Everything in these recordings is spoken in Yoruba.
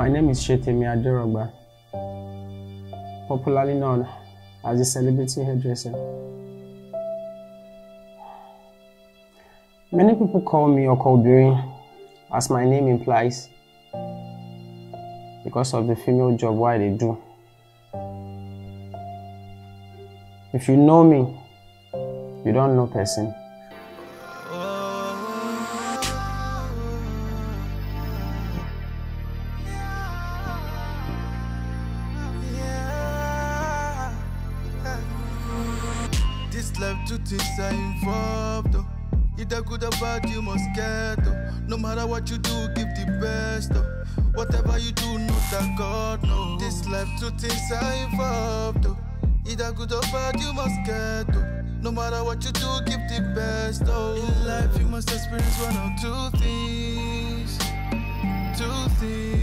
My name is Shetemi Aderogba, popularly known as a celebrity hairdresser. Many people call me Okobiri, as my name implies, because of the female job why they do. If you know me, you don't know person. are involved. Oh. Either good or bad, you must get. Oh. No matter what you do, give the best. Oh. Whatever you do, know that God knows. This life, two things are involved. Oh. Either good or bad, you must get. Oh. No matter what you do, give the best. Oh. In life, you must experience one or two things. Two things.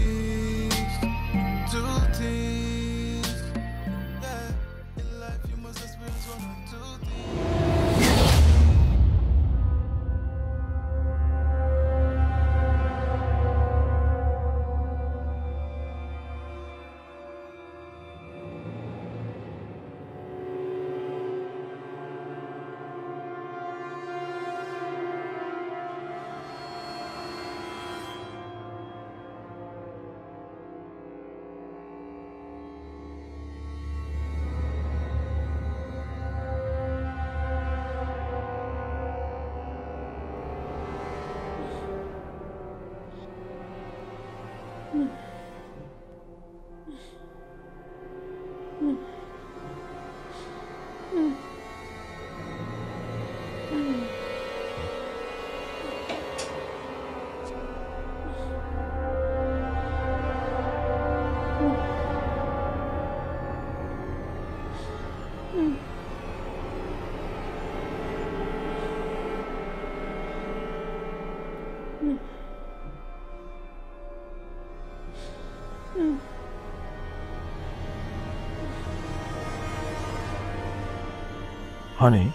Honey.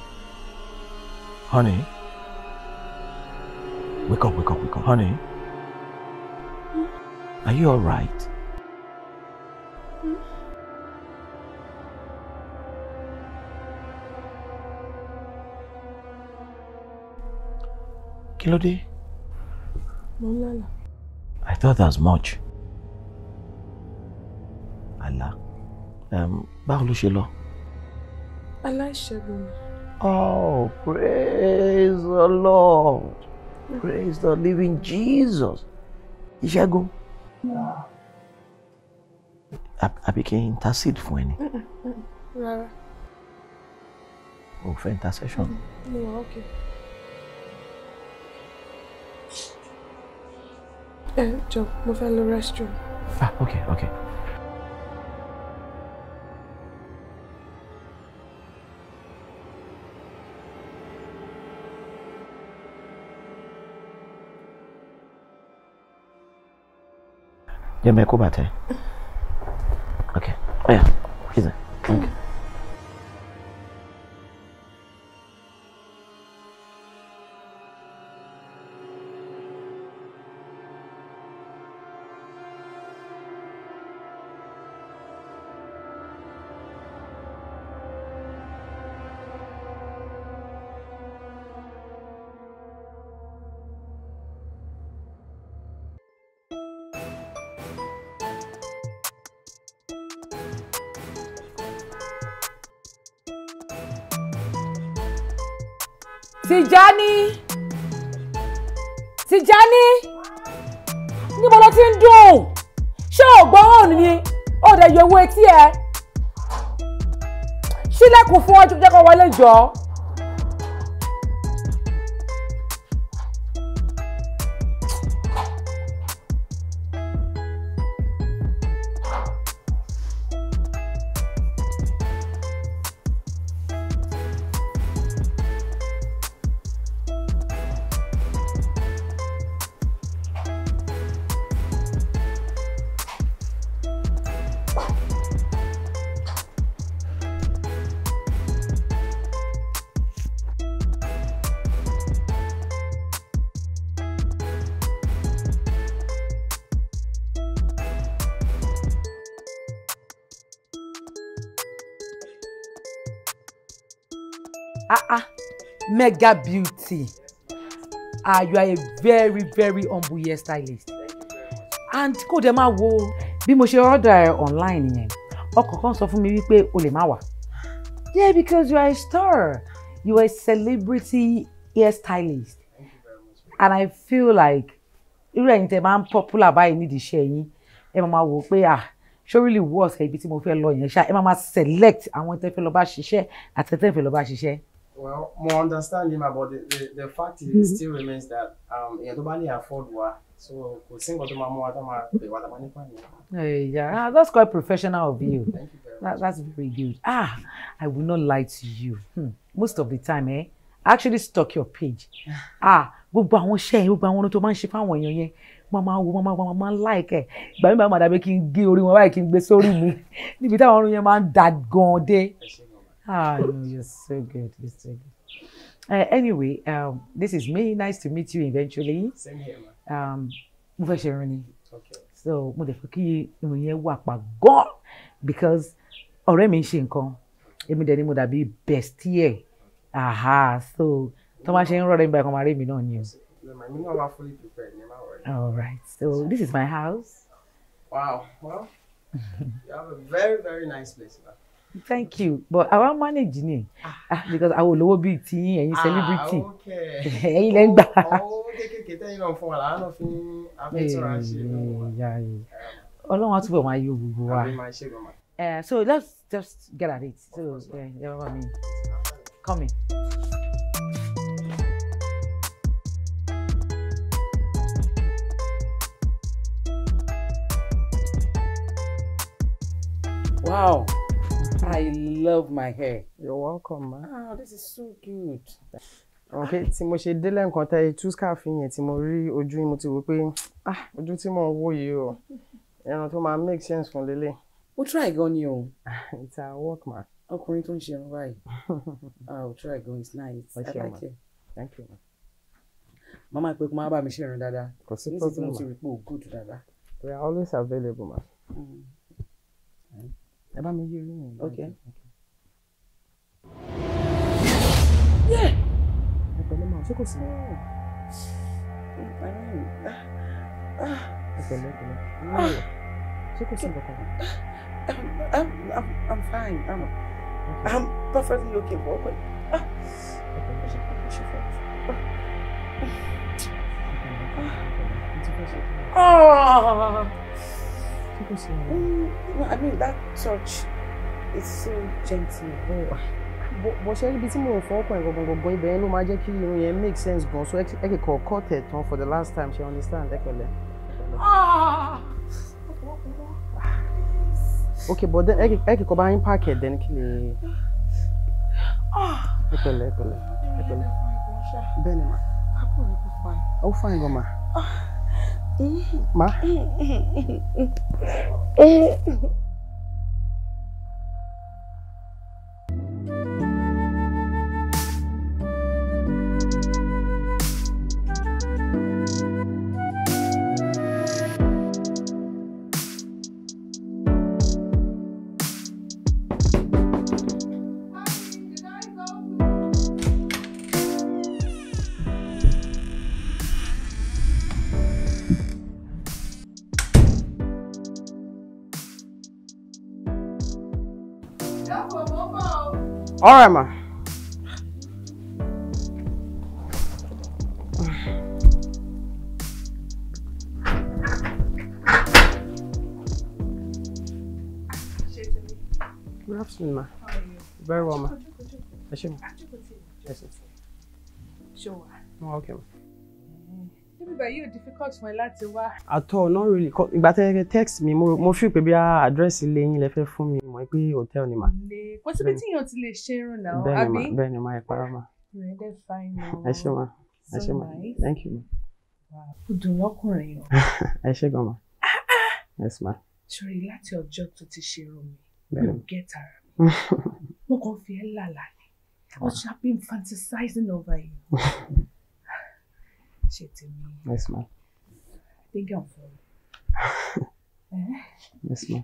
Honey. Wake up, wake up, wake up. Honey. Are you alright? Mm. Kí I thought as much. Allah, Um, báwo Aláìṣẹ́gun. Oh, praise the Lord. Hmm. Praise the living Jesus. Ìṣẹ́gun. Hmm. Àbí kí n intercede fún ẹni. Hmm, Rárá. O fẹ́ intercession. Mo okay. ókè. Joe, move mo fẹ́ the restroom. Ah, okay, okay. Yeah, vais eh? oh, Yeah, mm. OK. Okay. Yeah, wọlé jọ. ah ah mega beauty ah you are a very very humble hair stylist and kò dé máa wo bí mo ṣe order ẹ online yẹn ọkọ̀ kan sọ fún mi wípé o lè má wà yeah because you are a star you are a celebrity hair stylist and i feel like irú ẹ̀yin tẹ́ máa ń popular báyìí nídìí iṣẹ́ yín ẹ máa máa wò ó pé ah sórílì wọ́ọ̀sì ibi tí mo fẹ́ lọ yẹn ṣá ẹ máa máa select àwọn tẹ́ fẹ́ lọ bá ṣiṣẹ́ àti tẹ́ fẹ́ lọ bá ṣiṣẹ́ well more understand him about the the, the fact mm -hmm. still remains that um èèyàn tó bá afford wa so kò sí nǹkan tó máa mú wa tó máa pè wá tàbá nípa ìyẹn. yeah ah, that's quite professional of you Thank you very that, much. that's very good ah i will not lie to you hmm. most of the time eh, i actually stalk your page ah gbogbo àwọn iṣẹ́ yẹn gbogbo àwọn ohun tó máa ń ṣe fáwọn èèyàn yẹn máa wo máa máa máa láìkẹ ìgbà mi bá máa dàbí kí n gé orí wọn báyìí kí n gbé sórí mi níbi táwọn ọrùn yẹn máa ń da gan-an dé Ah, no, you're so good. You're so good. Uh, anyway, um, this is me. Nice to meet you eventually. Same here, man. Um, mo Okay. So motherfucker, you fẹ́ kí work yẹn God because already mi Come, ṣe nǹkan èmi dẹ̀ ni mo dàbí bestie aha so tó máa ṣe ń rọrẹ́ nígbà kan máa rí news. all right so this is my house. wow well you have a very very nice place. man thank you but àwa manage ni ah. Ah, because àwọn olówó bíi ti yín ẹ̀yin celebrity ah, ẹ̀yin lẹ́ ń gbà. owó oh, oh, oh, kékèké tẹ́yìn náà fún wa làwọn náà fi afẹ́tura eh, ṣe lọ́wọ́. Um, ọlọ́run á túbọ̀ máa yọ gbogbo wa eh, so let's just get at it so ẹ bá mi come in. Wow. I love my hair. You're welcome, ma. Ah, this is so cute. Okay, tí mo ṣe délẹ̀ nǹkan tẹ́ tú scarf yẹn tí mo rí ojú yín mo ti wò pé ah ojú tí mo ń wò yìí o ẹran tó máa make sense fún lélẹ̀. Ó try gan ni o. It's our work, ma. Ọkùnrin tó ń ṣe irun báyìí. Ah, ó try gan it's nice. I like it. Thank you, ma. Màmá pé kó máa bá mi ṣe irun dáadáa. Kò sí problem, ma. Nísìsiyìí mo ti rí pé o good dáadáa. We are always available, ma. Mm ẹ bá mi yí orí yẹn. ok. ẹ pẹ̀lú màá ṣé kò sí. ẹ pẹ̀lú ẹ ah. ṣé kò sí nǹkan I'm um, um, I'm I'm fine. I'm um, okay. I'm perfectly okay. But okay. Ah. Oh. Mm, no, I mean that touch is so gentle. Oh. Ah. bó ṣe ibi tí mò ń fọwọ́ kan ìgbọ̀ngàn gbọ̀ngàn ibẹ̀ yẹn ló máa jẹ́ kí irun yẹn make sense gan so ẹ kì kọ́ cut ẹ̀ tán for the last time ṣe understand ẹ pẹ̀lẹ́. Ah! ok but then ẹ kì kọ́ bá yín park ẹ̀ then kí ni ah! ẹ pẹ̀lẹ́ ẹ pẹ̀lẹ́ ẹ pẹ̀lẹ́ bẹ́ẹ̀ ni ma ó fine gan ma má. All right, ma. Good afternoon, ma. How are you? Very well, ma. Yes, sir. Sure. okay, ma. bíbẹ̀ yóò difficult wọn láti wá. àtọ not really ìgbà tẹ text mi mo fi pé bí address ilé yín lẹ fẹ́ fún mi mọ̀ pé hotel ni mà. kò síbi tí èèyàn ti lè ṣe irun náà àbí. bẹ́ẹ̀ ni ma ẹ para ma. ẹ ṣe ma ẹ ṣe ma thank you. ó dùn lọ́kùnrin o. ẹ ṣe gan ma. yes ma. sori láti ọjọ́ tó ti ṣe irun mi mi ò get ara mi mo kàn fi ẹ́ lálàá ni i was just been fantasizing over you. ṣe tèmi. yes ma. I think I'm fine. eh? yes ma.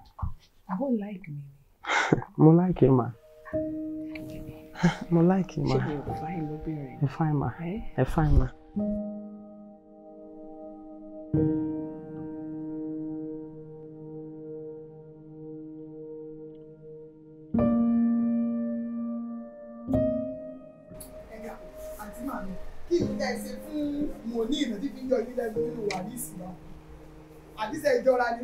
àbò like me. ni. mo like ẹ ma. mo like ẹ ma. ṣé ìwọ fáìn lóbìnrin. ẹ fáìn ma. Eh? ẹ fáìn ma. thank you ìnà tí fi ń yọ yín lẹ́nu nínú àdìsí náà àdìsẹ́ ìjọra ni.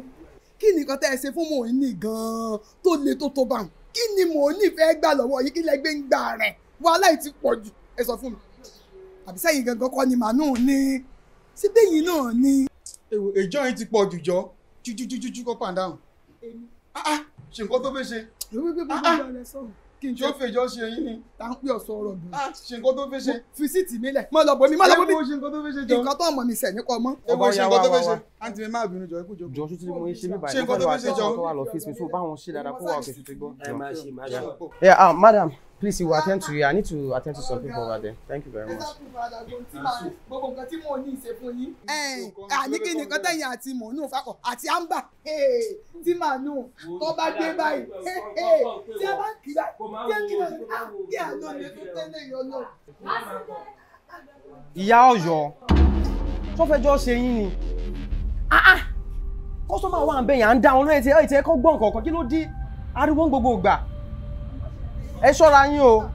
kí ni nǹkan tẹ́ ẹ ṣe fún Mòíní gan-an tó le tó tó bá wọn kí ni Mòíní fẹ́ gbà lọ́wọ́ yìí kí lẹ gbé ń gbà rẹ̀ wàhálà yìí ti pọ̀ jù ẹ sọ fún mi àbísẹ́ yìí gangan kọ́ ni màánù ni síbẹ̀ yìí náà ni. èjọ́ yìí ti pọ̀ jù jọ jújújújú kọ́ pàǹdáhùn ah, ah, ṣe nǹkan tó fẹ́ ṣe kí n ṣe. tó fèjọ́ ṣe yín ni. tá n pè ọ̀sọ̀ ọ̀rọ̀ dùn. Ah, ṣe nǹkan tó fẹ́ ṣe. fi síìtì mi lẹ̀ mọ́ lọ bomi mọ́ lọ bomi. ewu ṣe nǹkan tó fẹ́ ṣe jọ. nǹkan tó mọ̀ mi sẹ̀ nípa ọmọ. ewu ṣe nǹkan tó fẹ́ ṣe. àǹtí mi máa bínú jọ ikú jọ. jọ sùn mo ṣe bíbá yẹn fẹ́ lọ àti ọ̀tọ̀ wa lọ fèsì mi báwọn ṣe dáadáa kó wà òkè tuntun gbọ́. ẹ máa ṣe máa ṣe. Ah, please you attend to you i need to attend to some people over there thank you very much. gbogbo ah, nǹkan tí mò ń ní ìṣe fún yín. àníkí nìkan tẹ̀yìn àti mònú fakọ̀ àti àǹbà tí màánù tó bá dé báyìí tí a bá kí bá tí a kí bá kí àná mi tó tẹ́lẹ̀ yọ náà. ìyá Ọ̀yọ́ tó fẹjọ́ ṣe yín ni kọ́sọ́mà ah, ah, wà ń bẹ̀yàn à ń dá ọ lóye tí ẹ̀ tí ẹ̀ kọ́ gbọ́ nǹkan kan kí ló dé ariwo ń gbogbo ìgbà ẹ ṣọ́ra yín o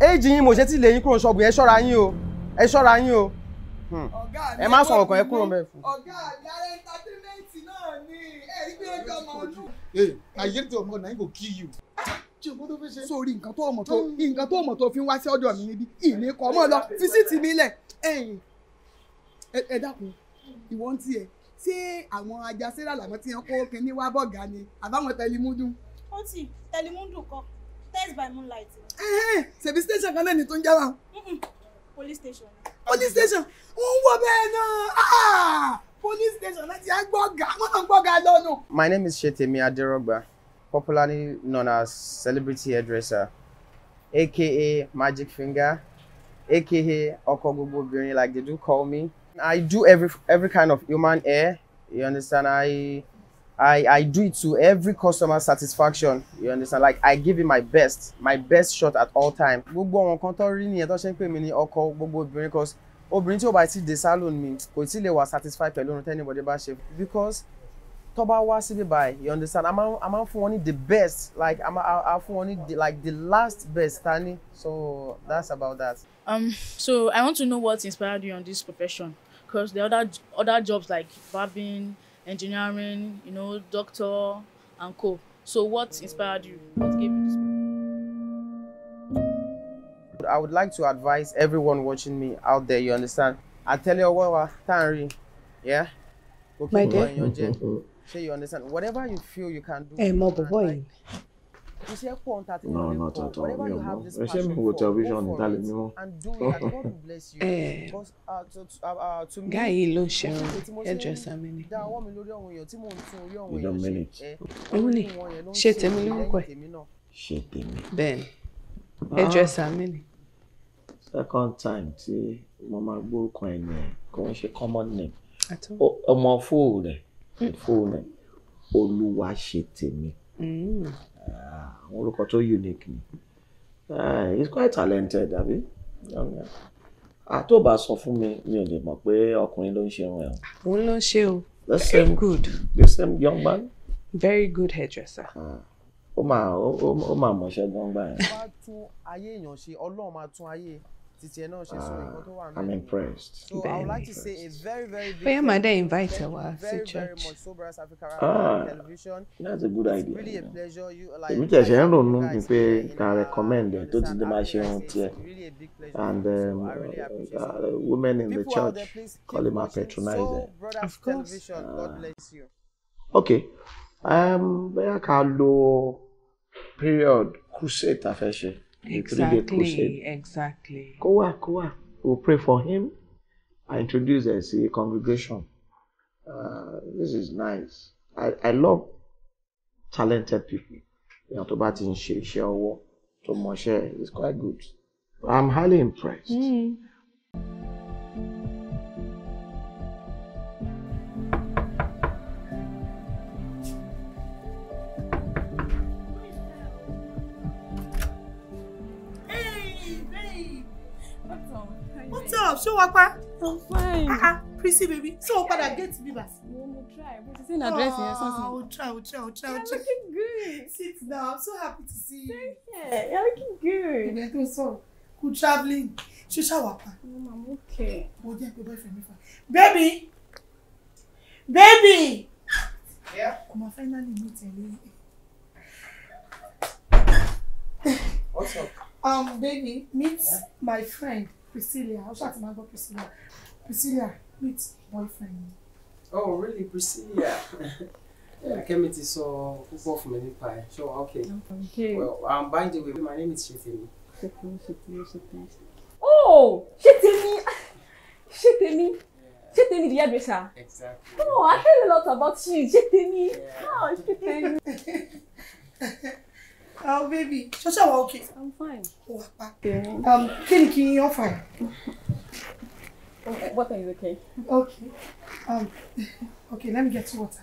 éèjì yín mo ṣe ti lè yín kúrò ṣọ́ọ̀bù ẹ ṣọ́ra yín o ẹ ṣọ́ra yín o hmm. ẹ má sọ̀rọ̀ kan ẹ kúrò mẹ́rin fún. ọ̀gá àdáyé ẹ̀ńtátẹ́mẹ́ǹtì náà ni ẹ̀rí pé ó jọ mọ́ ọdún. ayé tí ọmọ náà kò kí yìí o. sórí nǹkan tó ọmọ tó nǹkan tó ọmọ tó fi wá sí ọ̀dọ̀ mi níbi ìní kọ mọ lọ fi sí ti mi lẹ ẹ̀yìn ẹ dákun ìwọ ń tiẹ̀ ṣé àwọn ajá sẹ́rà làwọn ti ń kó kinní wá bọ̀gá ni àbáwọn tẹlimúdùn. ó ti tẹlimúdùn kọ Test by moonlight. Ṣèbí station kan náà ni tó ń jẹ́ wa. Police station. Police station. Ń wo bẹ́ẹ̀ náà. Ah! Police station láti agbọ́gà. Wọ́n náà gbọ́gà lọ́nu. My name is Shetemi Aderogba, popularly known as celebrity hairdresser, aka Magic Finger, aka Ọkọ Gbogbo Obìnrin like they do call me. I do every every kind of human hair. You understand? I I, I do it to every customer satisfaction you understand like I give it my best my best shot at all time. gbogbo àwọn kan tó rí nìyẹn tó ṣe ń pè mí ní ọkọ gbogbo obìnrin cause obìnrin tí ó bá ti dé salon mi kò tí lè wà satisfied pẹ̀lú orun tẹ́nibọ̀dé bá ṣe because tó bá wá síbí báyìí you understand a máa ń fún wọn ní the best like a máa fún wọn ní like the last best tani so that's about that. Um, so I want to know what inspired you on this profession because the other other jobs like barbing engineering, you know, doctor and co. So what inspired you? What gave you this? I would like to advise everyone watching me out there, you understand? I tell you what, Tanri, yeah? Okay, My dear. Mm-hmm. So you understand? Whatever you feel you can do. Hey, mọ bọ̀bọ̀ iṣẹ́ pọ̀ ń ta tí wọ́n lè pọ̀ whatever you have this passion for go for it and do it and God bless you. Eh. because uh, uh, uh, guy yìí ló ń ṣẹ̀rọ ẹ̀jọ̀ sami ni. dá ọwọ́ mi lórí ọ̀hún èèyàn tí mò ń tún orí ọ̀hún èèyàn ṣe eh, ẹ̀ ọ̀hún ni ṣe tèmi lórúkọ ẹ̀ ṣe tèmi. bẹ́ẹ̀ni ẹ̀jọ̀ ah. sami ni. second time tí mo máa gbórúkọ ẹ̀ nìyẹn kò ń ṣe common name ọmọ àwọn ah, orúkọ tó unique ni eh, he is quite talented àbí àtọ́bà ah, sọ fún mi mi ò lè mọ̀ pé ọkùnrin ló ń ṣe irun òun ló ń ṣe o the good the same young man. very good hairdresser. Ah, ó máa ó máa mọ̀ṣẹ́ gbọ́ngbà yẹn. ó máa tún ayé èèyàn ṣe ọlọ́run máa tún ayé títí ẹ náà so nǹkan tó wà ah, nínú. I'm impressed. So very I would like impressed. to say a very very big. Bóyá màá dé invite ẹ wá sí church. Very very much Soberance Africa ah, television. That's a good idea. It's really a pleasure you like. Èmi tẹ̀sẹ̀ ń ronú ni pé na recommend ẹ̀ to ti dé máa ṣe ohun tiẹ̀ and um, uh, uh, women in the church call him a patronizer. So, Of course. Uh, okay um, bóyá ká lo period crusade tá a fẹ́ ṣe. Exactly, exactly. Kowa, Kowa, we pray for him. I introduce as a congregation. Uh, this is nice. I, I love talented people. You know, tó bá ti ń ṣe iṣẹ́ ọwọ́ tó mọṣẹ́ quite good. I'm highly impressed. Mm. up? Ṣé wọ́n pa? I'm fine. Ah ah, pretty baby. Ṣé o padà get me back? Mo mo try. Mo ti seen address yẹn something. Ah, oh, try, oh, try, try, try. You're looking good. Sit down. I'm so happy to see you. Thank you. You're looking good. Ìgbẹ́ tó sọ̀rọ̀. Good traveling. Ṣé ṣàwà pa? Mama, I'm okay. Mo jẹ́ pé boyfriend mi fa. Baby! Baby! Yeah. Ọmọ finally meet ẹ lórí. What's up? Um, baby, meet yeah. my friend. Priscilla ó ṣáà ti máa Priscilla Priscilla meet boyfriend oh really Priscilla Akemi ti sọ púpọ̀ fún mi nípa ẹ̀ pie. wa okay Okay. well um, by the way my name is Ṣetemi. Ṣetemi Ṣetemi Ṣetemi. oh Ṣetemi Ṣetemi. Chetemi the hairdresser. Exactly. Oh, I heard a lot about you, Chetemi. Yeah. Oh, Chetemi. Oh, baby. So, so, okay. I'm fine. Oh, Papa. Yeah. Um, Kiniki, you're fine. Okay, water is okay. Okay. Um, okay, let me get some water.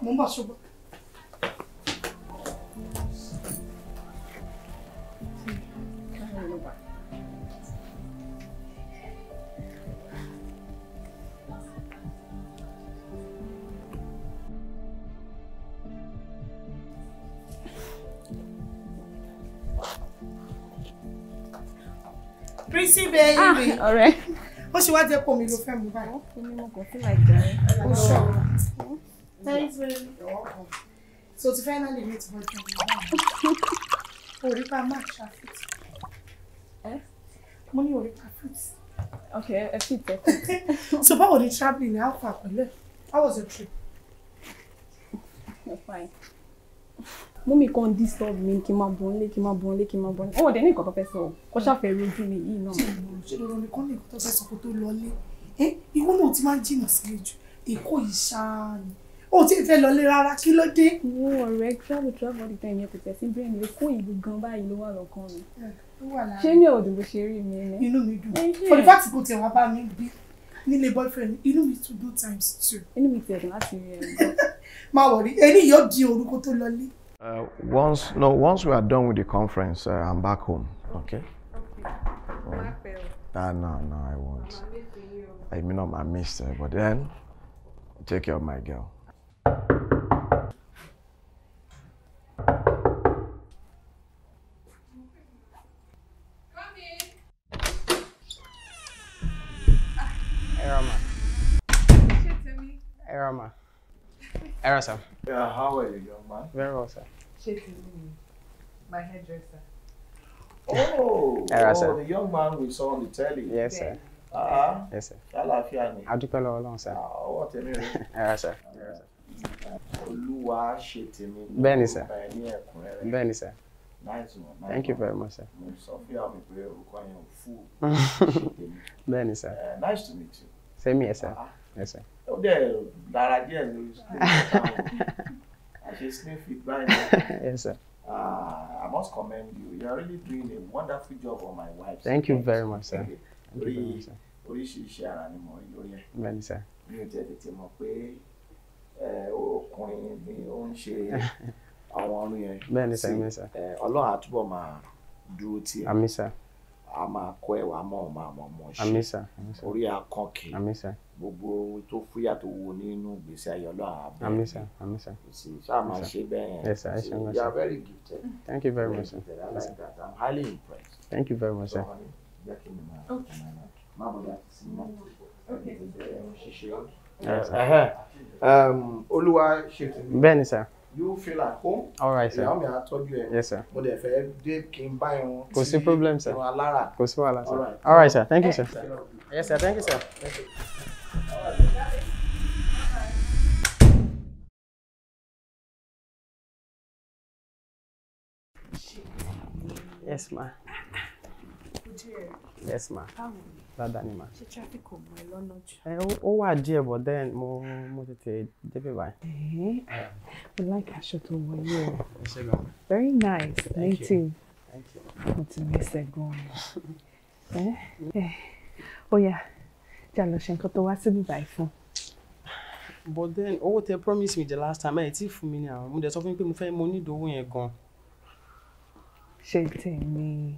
Mumba, sugar. síbẹ̀ ìrè ah, ọ̀rẹ́ ó ṣe wá jẹ́ pò mí ló fẹ́ mú báyìí. ó ní mo kàn fún àìjà rẹ. ó sọ very very welcome so to finally meet boyfriend mi orí pa mark shafit mo ní orí pa fit. ok ẹ fit ẹ. so báwo ni travelling ní alpha pẹ̀lú ẹ̀ how was your trip. fine mummy kan disturb mi kí n máa bọ̀ nílé kí n máa bọ̀ nílé kí n máa bọ̀ nílé wọn ò dẹ̀ ní nǹkan tó fẹ́ sọ kó ṣàfẹ́ rojú mi yìí náà. ṣé lọ́rọ̀ nìkan ní nǹkan tó fẹ́ sọ kó tó lọlé ẹ ìwọ náà ti máa ń jìnnà sílé jù èkó yìí ṣáá ni o ti fẹ́ lọlé rárá kí ló dé. wo ọ̀rẹ́ travel travel the time yẹn kò tẹ̀ sí brain mi kó ìlú gan báyìí ló wà lọ́kàn mi ṣé ní ọ̀dùn ṣe rí mi ni. inú mi dùn for the fact kò tẹ̀ wá bá mi bí nílé boyfriend inú mi tún do times two. inú mi tẹ̀ láti rí ẹ̀ máa wọ̀ rí ẹni yóò di orúkọ tó lọlé Uh, once, no, once we are done with the conference, uh, I'm back home. Okay. okay. Oh. Ah, um, no, no, I won't. I mean, not my mister, but then take care of my girl. Erama. Erama. Error, sir. Yeah, how are you, young man? Very well, sir. Shaking me, my hairdresser. Oh, Error, oh sir. the young man we saw on the telly. Yes, sir. Ah, uh -huh. yes, sir. Àlàáfíà ni. Adúpẹ́ lọ́wọ́ Ọlọ́run, sir. Ọwọ́ ah, tèmi rẹ̀. Error, sir. Olúwa ṣe me. Bẹ́ẹ̀ni, sir. Bẹ́ẹ̀ni, sir. Nice one. Nice Thank one. you very much, sir. Sophia mi pe orúkọ yẹn ò fún. Bẹ́ẹ̀ni, sir. Eh, nice to meet you. Same here, sir. Uh ah. -huh. Yes, sir ó dẹ̀ dára díẹ̀ lórí ṣe slim fit báyìí. yes sir. Ah, I must commend you. You are really doing a wonderful job on my wife. Thank you very much, sir. Orí oríṣiríṣi ara ni mo rí lórí ẹ̀. Bẹ́ẹ̀ni sir. Mi ò tẹ̀lé ti mọ̀ pé ọkùnrin ni ó ń ṣe àwọn ọrùn yẹn. Bẹ́ẹ̀ni sir, bẹ́ẹ̀ni sir. Ọlọ́run á túbọ̀ máa dúró tì ẹ́. Àmín sir a máa kọ́ ẹ̀ wá mọ̀ ọ̀ma àmọ́ ọmọ ṣe orí akàn kì í gbogbo ohun tó fúyà tó wo nínú ìgbésí ayé ọlọ́run àbẹ̀ sí ṣáà máa ṣe bẹ́ẹ̀ yẹn you are very gifted thank you very much sir I like that I'm highly impressed thank you very much sir. olúwa ṣètò. bẹ́ẹ̀ ni sir you feel at home. all right sir ìyàwó mi á tọ́jú ẹ. yes sir mo dẹ̀ fẹ́ dé kí n bá ẹran. kò sí problem sir ẹran alára. kò sí wàhálà sir all right sir thank you sir. yes sir thank you sir. Yes, ma. Am yes ma dáadáa ni ma. ṣé traffic ò mọ ẹ lọ́nà jù. ẹ ó wà díẹ̀ but then mo mo tètè débẹ̀ báyìí. I like aṣọ tó wọ yìí o. very nice me too. mo ti miss ẹ gan-an. ó yá jà lọ ṣe nǹkan tó wá síbí báyìí fún. but then owó tẹ promise me the last time ẹ ti fún mi ní àwọn mo dẹ sọ fún mi pé mo fẹ́ mo ní ìdówó yẹn gan. ṣé tèmi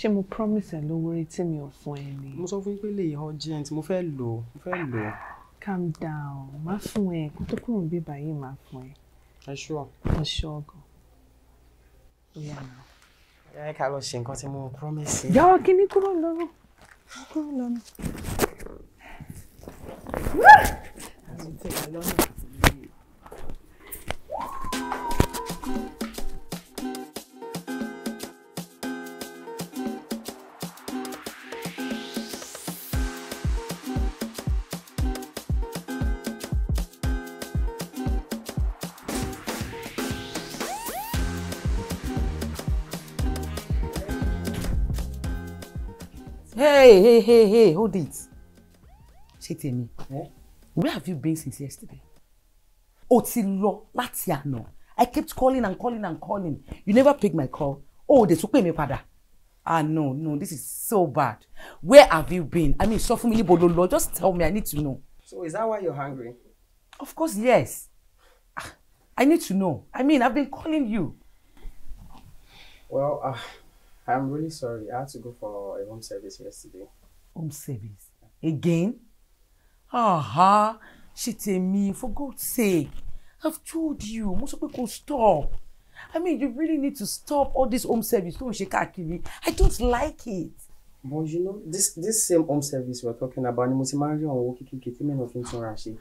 ṣé mo promise ẹ lówó rí tí mi ò fún ẹ ni. mo sọ fún yín pé lè urgent mo fẹ́ lò mo fẹ́ lò. calm down má fún ẹ kó tó kúrò bí báyìí má fún ẹ. ẹ ṣọ. ẹ ṣọ gan. ó yà náà. ẹ lọ ṣe nǹkan tí mo promise. yọ kíní kúrò lọ́rùn kúrò lọ́rùn. àti lọ́nà. hey hey hey hey hold it ṣé tèmi where have you been since yesterday o ti lọ láti àná i kept calling and calling and calling you never pick my call o ò dé tún pè mí padà ah no no this is so bad where have you been i mean sọ fún mi níbo ló lọ just tell me i need to know. so is that why you're hungry. of course yes ah, i need to know i mean i've been calling you. well. Uh... I'm really sorry. I had to go for a home service yesterday. Home service? Again? Aha! me! for God's sake. I've told you, most people stop. I mean, you really need to stop all this home service Don't shake ṣe káàkiri. I don't like it. But you know, this this same home service we're talking about you must ti máa ń rí àwọn owó kékeré tí mi náà fi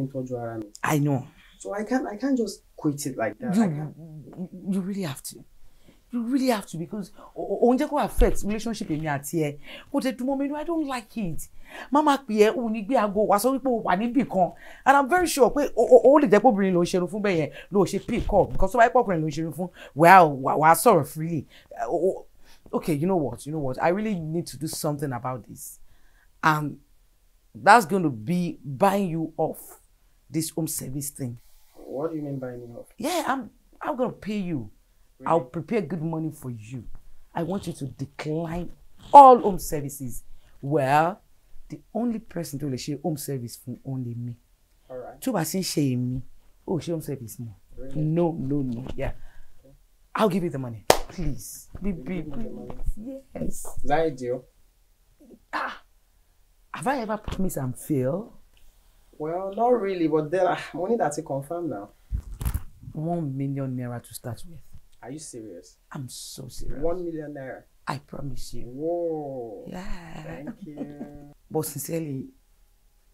ń I know. So I can't I can't just quit it like that. You, you really have to you really have to because òun jẹ́ kó affect relationship èmi àti ẹ̀ kò tẹ̀ dùn mọ́ mi no i don't like it mama pè ẹ́ òun ní gbé aago wá sọ wípé o wà níbì kan and i'm very sure pé o lè jẹ́ pé obìnrin ló ń ṣerun fún bẹ́ẹ̀ yẹn ló ṣe pick up because tó bá yẹ pé ọkùnrin ló ń ṣerun fún wàá sọ̀rọ̀ freely okay you know what you know what i really need to do something about this and that's going to be buying you off this home service thing. what do you mean buying me off. yeah i'm i'm gonna pay you. Really? I'll prepare good money for you. I want you to decline all home services. Well, the only person to lè home service from only me. All right. Tó bá sì ń ṣe home service more. Really? No, no, no. Yeah. Okay. I'll give you the money. Please. Be be big. Yes. Is that ideal? Ah. Have I ever promised and failed? Well, not really, but then are ah, money that you confirm now. One million naira to start with. Are you serious? I'm so serious. One million naira. I promise you. Whoa. Yeah. Thank you. but sincerely,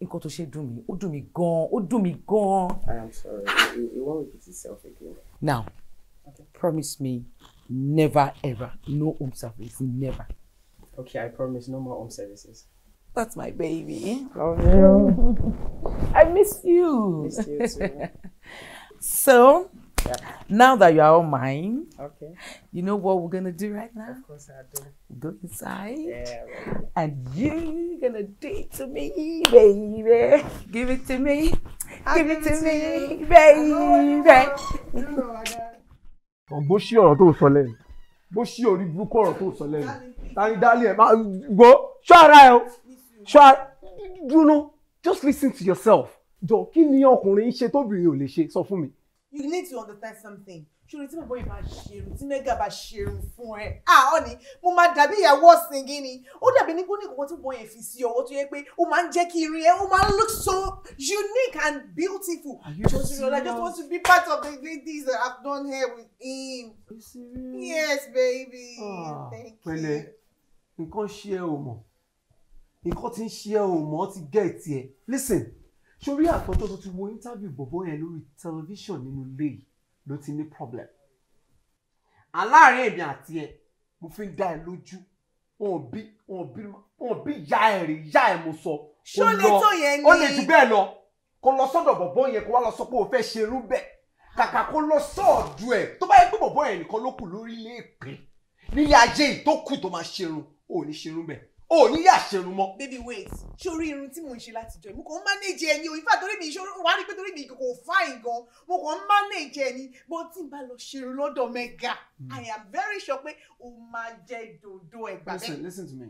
nǹkan tó do dùn mí ó dùn mí I am sorry it, it won't repeat itself again. now okay. promise me never ever no home service never. okay I promise no more home services. that's my baby. love you. I miss you. miss you too. so Yep. Now that you are all mine, okay. you know what we're gonna do right now? Of course I do. Go inside. Yeah, And you gonna do it to me, baby. Give it to me. I give, give it, it to me, baby. bó ṣí ọ̀rọ̀ tó sọ lẹ́nu bó ṣí orí burúkú ọ̀rọ̀ tó sọ lẹ́nu tani dálé ẹ̀ máa gbọ́ ṣọ́ ara ẹ̀ o ṣọ́ ara dúró just listen to yourself jọ kí ni ọkùnrin ṣe tóbìnrin ò lè ṣe sọ fún mi you need to understand something ṣùgbọ́n tí bàbá yìí bá ṣerun tí mẹ́gà bá ṣerun fún ẹ Ah, ni mo máa dàbí ìyàwó ọ̀sìn gí ni ó dàbí ní gbóni kòkó tí bọ́ yẹn fi sí ọwọ́ tó yẹ pé ó máa ń jẹ́ kí irin ẹ ó máa ń look so unique and beautiful josiriola I just want to be part of the great things that I've done here with him yes baby ah, thank you. pẹ̀lẹ́ nǹkan ṣe ẹ ò mọ̀ nǹkan tí ń ṣe ẹ ò mọ̀ ti gẹ ẹ tiẹ listen sórí àkọ́tọ́ tó ti wo interview bọ̀bọ̀ yẹn lórí tẹlifíṣàn nínú ilé yìí ló ti ní problem aláàárín èmi àti ẹ mo fi ń dá ẹ lójú wọn bí wọn bí wọn bí ya ẹ rí ya ẹ mo sọ kó lọ ó lè jù bẹ́ẹ̀ lọ kó lọ sọ́dọ̀ bọ̀bọ̀ yẹn kó wá lọ sọ pé o fẹ́ ṣe irú bẹ́ẹ̀ kàkà kó lọ sọ́ọ̀dù ẹ̀ tó bá yẹ pé bọ̀bọ̀ yẹn nìkan ló kù lórí ilé ìpín nílé ajé yìí o ní yà ṣerun mọ. baby wait sórí irun tí mò ń ṣe látijọ́ mo kàn ń manage ẹni o ìfà torí mi ìṣòro wàá rí pé torí mi kò fine gan mo kàn ń manage ẹni bó tí n bá lọ ṣerun lọ́dọ̀ mẹ́ga hmm. i am very sure pé o máa jẹ dòdò ẹ̀gbà bẹ́ẹ̀. listen listen to me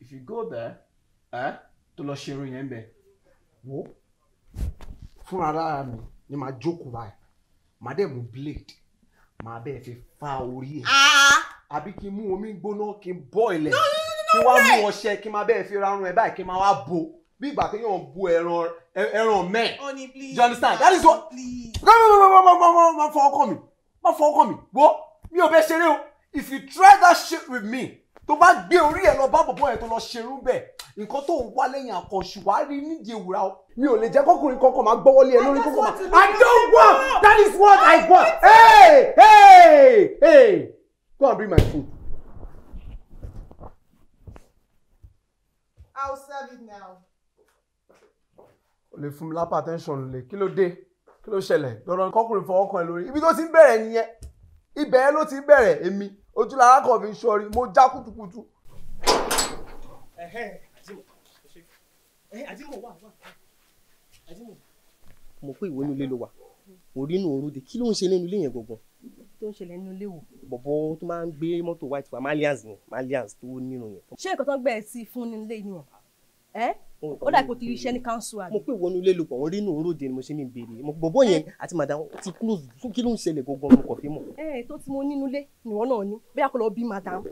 if you go there eh, tó lọ ṣerun yẹn bẹ wo fún ara mi ni màá jókòó báyìí màá dẹ̀ mú blade màá bẹ́ẹ̀ fi fa orí ẹ̀ ah! àbí kí n mú omi gbóná kí n bọ́ ilẹ̀. no no kí wàá mú ọṣẹ kí máa bẹ́ẹ̀ fi rárun ẹ báyìí kí máa wá bo bí ìgbà kéèyàn bu ẹran ẹran mẹ́ẹ̀ you understand that is what má fọ ọkọ mi má fọ ọkọ mi wo mi ò bẹ ṣeré o if you try that shit with me tó bá gbé orí ẹ lọ bá bọ̀bọ̀ yẹn tó lọ ṣerú bẹ́ẹ̀ nǹkan tó ń wá lẹ́yìn àkànṣù wàá rí nídìí ìwúra o mi ò lè jẹ́ kọkùnrin kankan máa gbọ́wọ́ lé ẹ lórí kankan máa I don't want that is what I want hey hey hey go and bring my food. I'll serve it now. O lè fún mi lápá attention lè kí ló dé kí ló ṣẹlẹ̀ dandan kọkùnrin fọwọ́ kan ẹ lórí ibi tó ti ń bẹ̀rẹ̀ nìyẹn ibẹ̀ ẹ ló ti ń bẹ̀rẹ̀ èmi ojúlára kan fi ń sọrí mo já kùtùkùtù. mo pé ìwé inú ilé ló wà orí inú òru de kí ló ń ṣe nínú ilé yẹn gbọ̀ngàn tó ń ṣẹlẹ̀ nínú ilé wò. bọ̀bọ̀ tó máa ń gbé mọ́tò white wa malians ni malians tó nírun yẹn. ṣé nǹkan tó ń gbẹ ẹ sí fún nílé ni wọn ẹ ó dà pé ti rí iṣẹ́ ní council àná. mo pè wọnú ilé lóko àwọn rínú òróde ni mo ṣe ní ìbéèrè bọ̀bọ̀ yẹn àti madam ti close fún kí ló ń ṣẹlẹ̀ gangan mo kàn fi mọ̀. ẹ tó ti mo nínú ilé nìwọ náà ni bóyá kó bí madam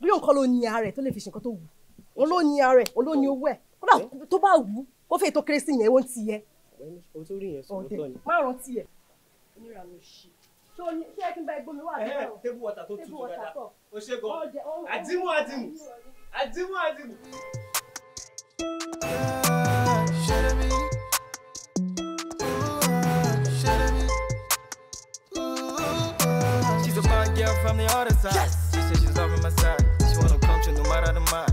bí òun ló ní ara ẹ̀ tó lè fi ṣe tó wù òun ló ní ṣé kí n bá ẹ̀gbọ́n o ṣe gan àdìmú àdìmú àdìmú She's a fine girl from the other side. Yes. She says she's loving my side. She wanna come to no matter the mind.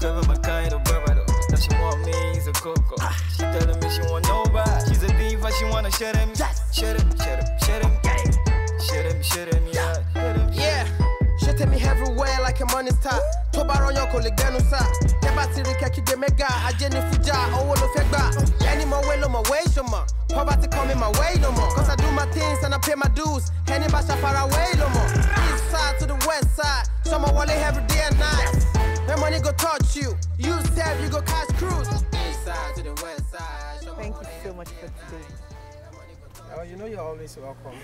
Grab my kind of bravado. Now she want me, he's a coco. Ah, she telling me she want nobody. She's a diva, she wanna shut him. Yes. Shut him, shut him, shut him. Shit him, shit him, yeah. Yeah. Shit him everywhere like a am on tó bá rọyàn kò lè gbẹnu sá tẹ bá ti rí kẹkígbe mẹga ajé ní fújà owó ló fẹ gbà ẹni mọ wé ló mọ wé ìṣó mọ poverty my way no more cause i do my things and i pay my dues ẹni bá far away, no more. east side to the west side sọmọ wallet every day and night when money go touch you you sef you go cash cruise. east side to the west side. thank you so much for today. Oh, you know you're always welcome.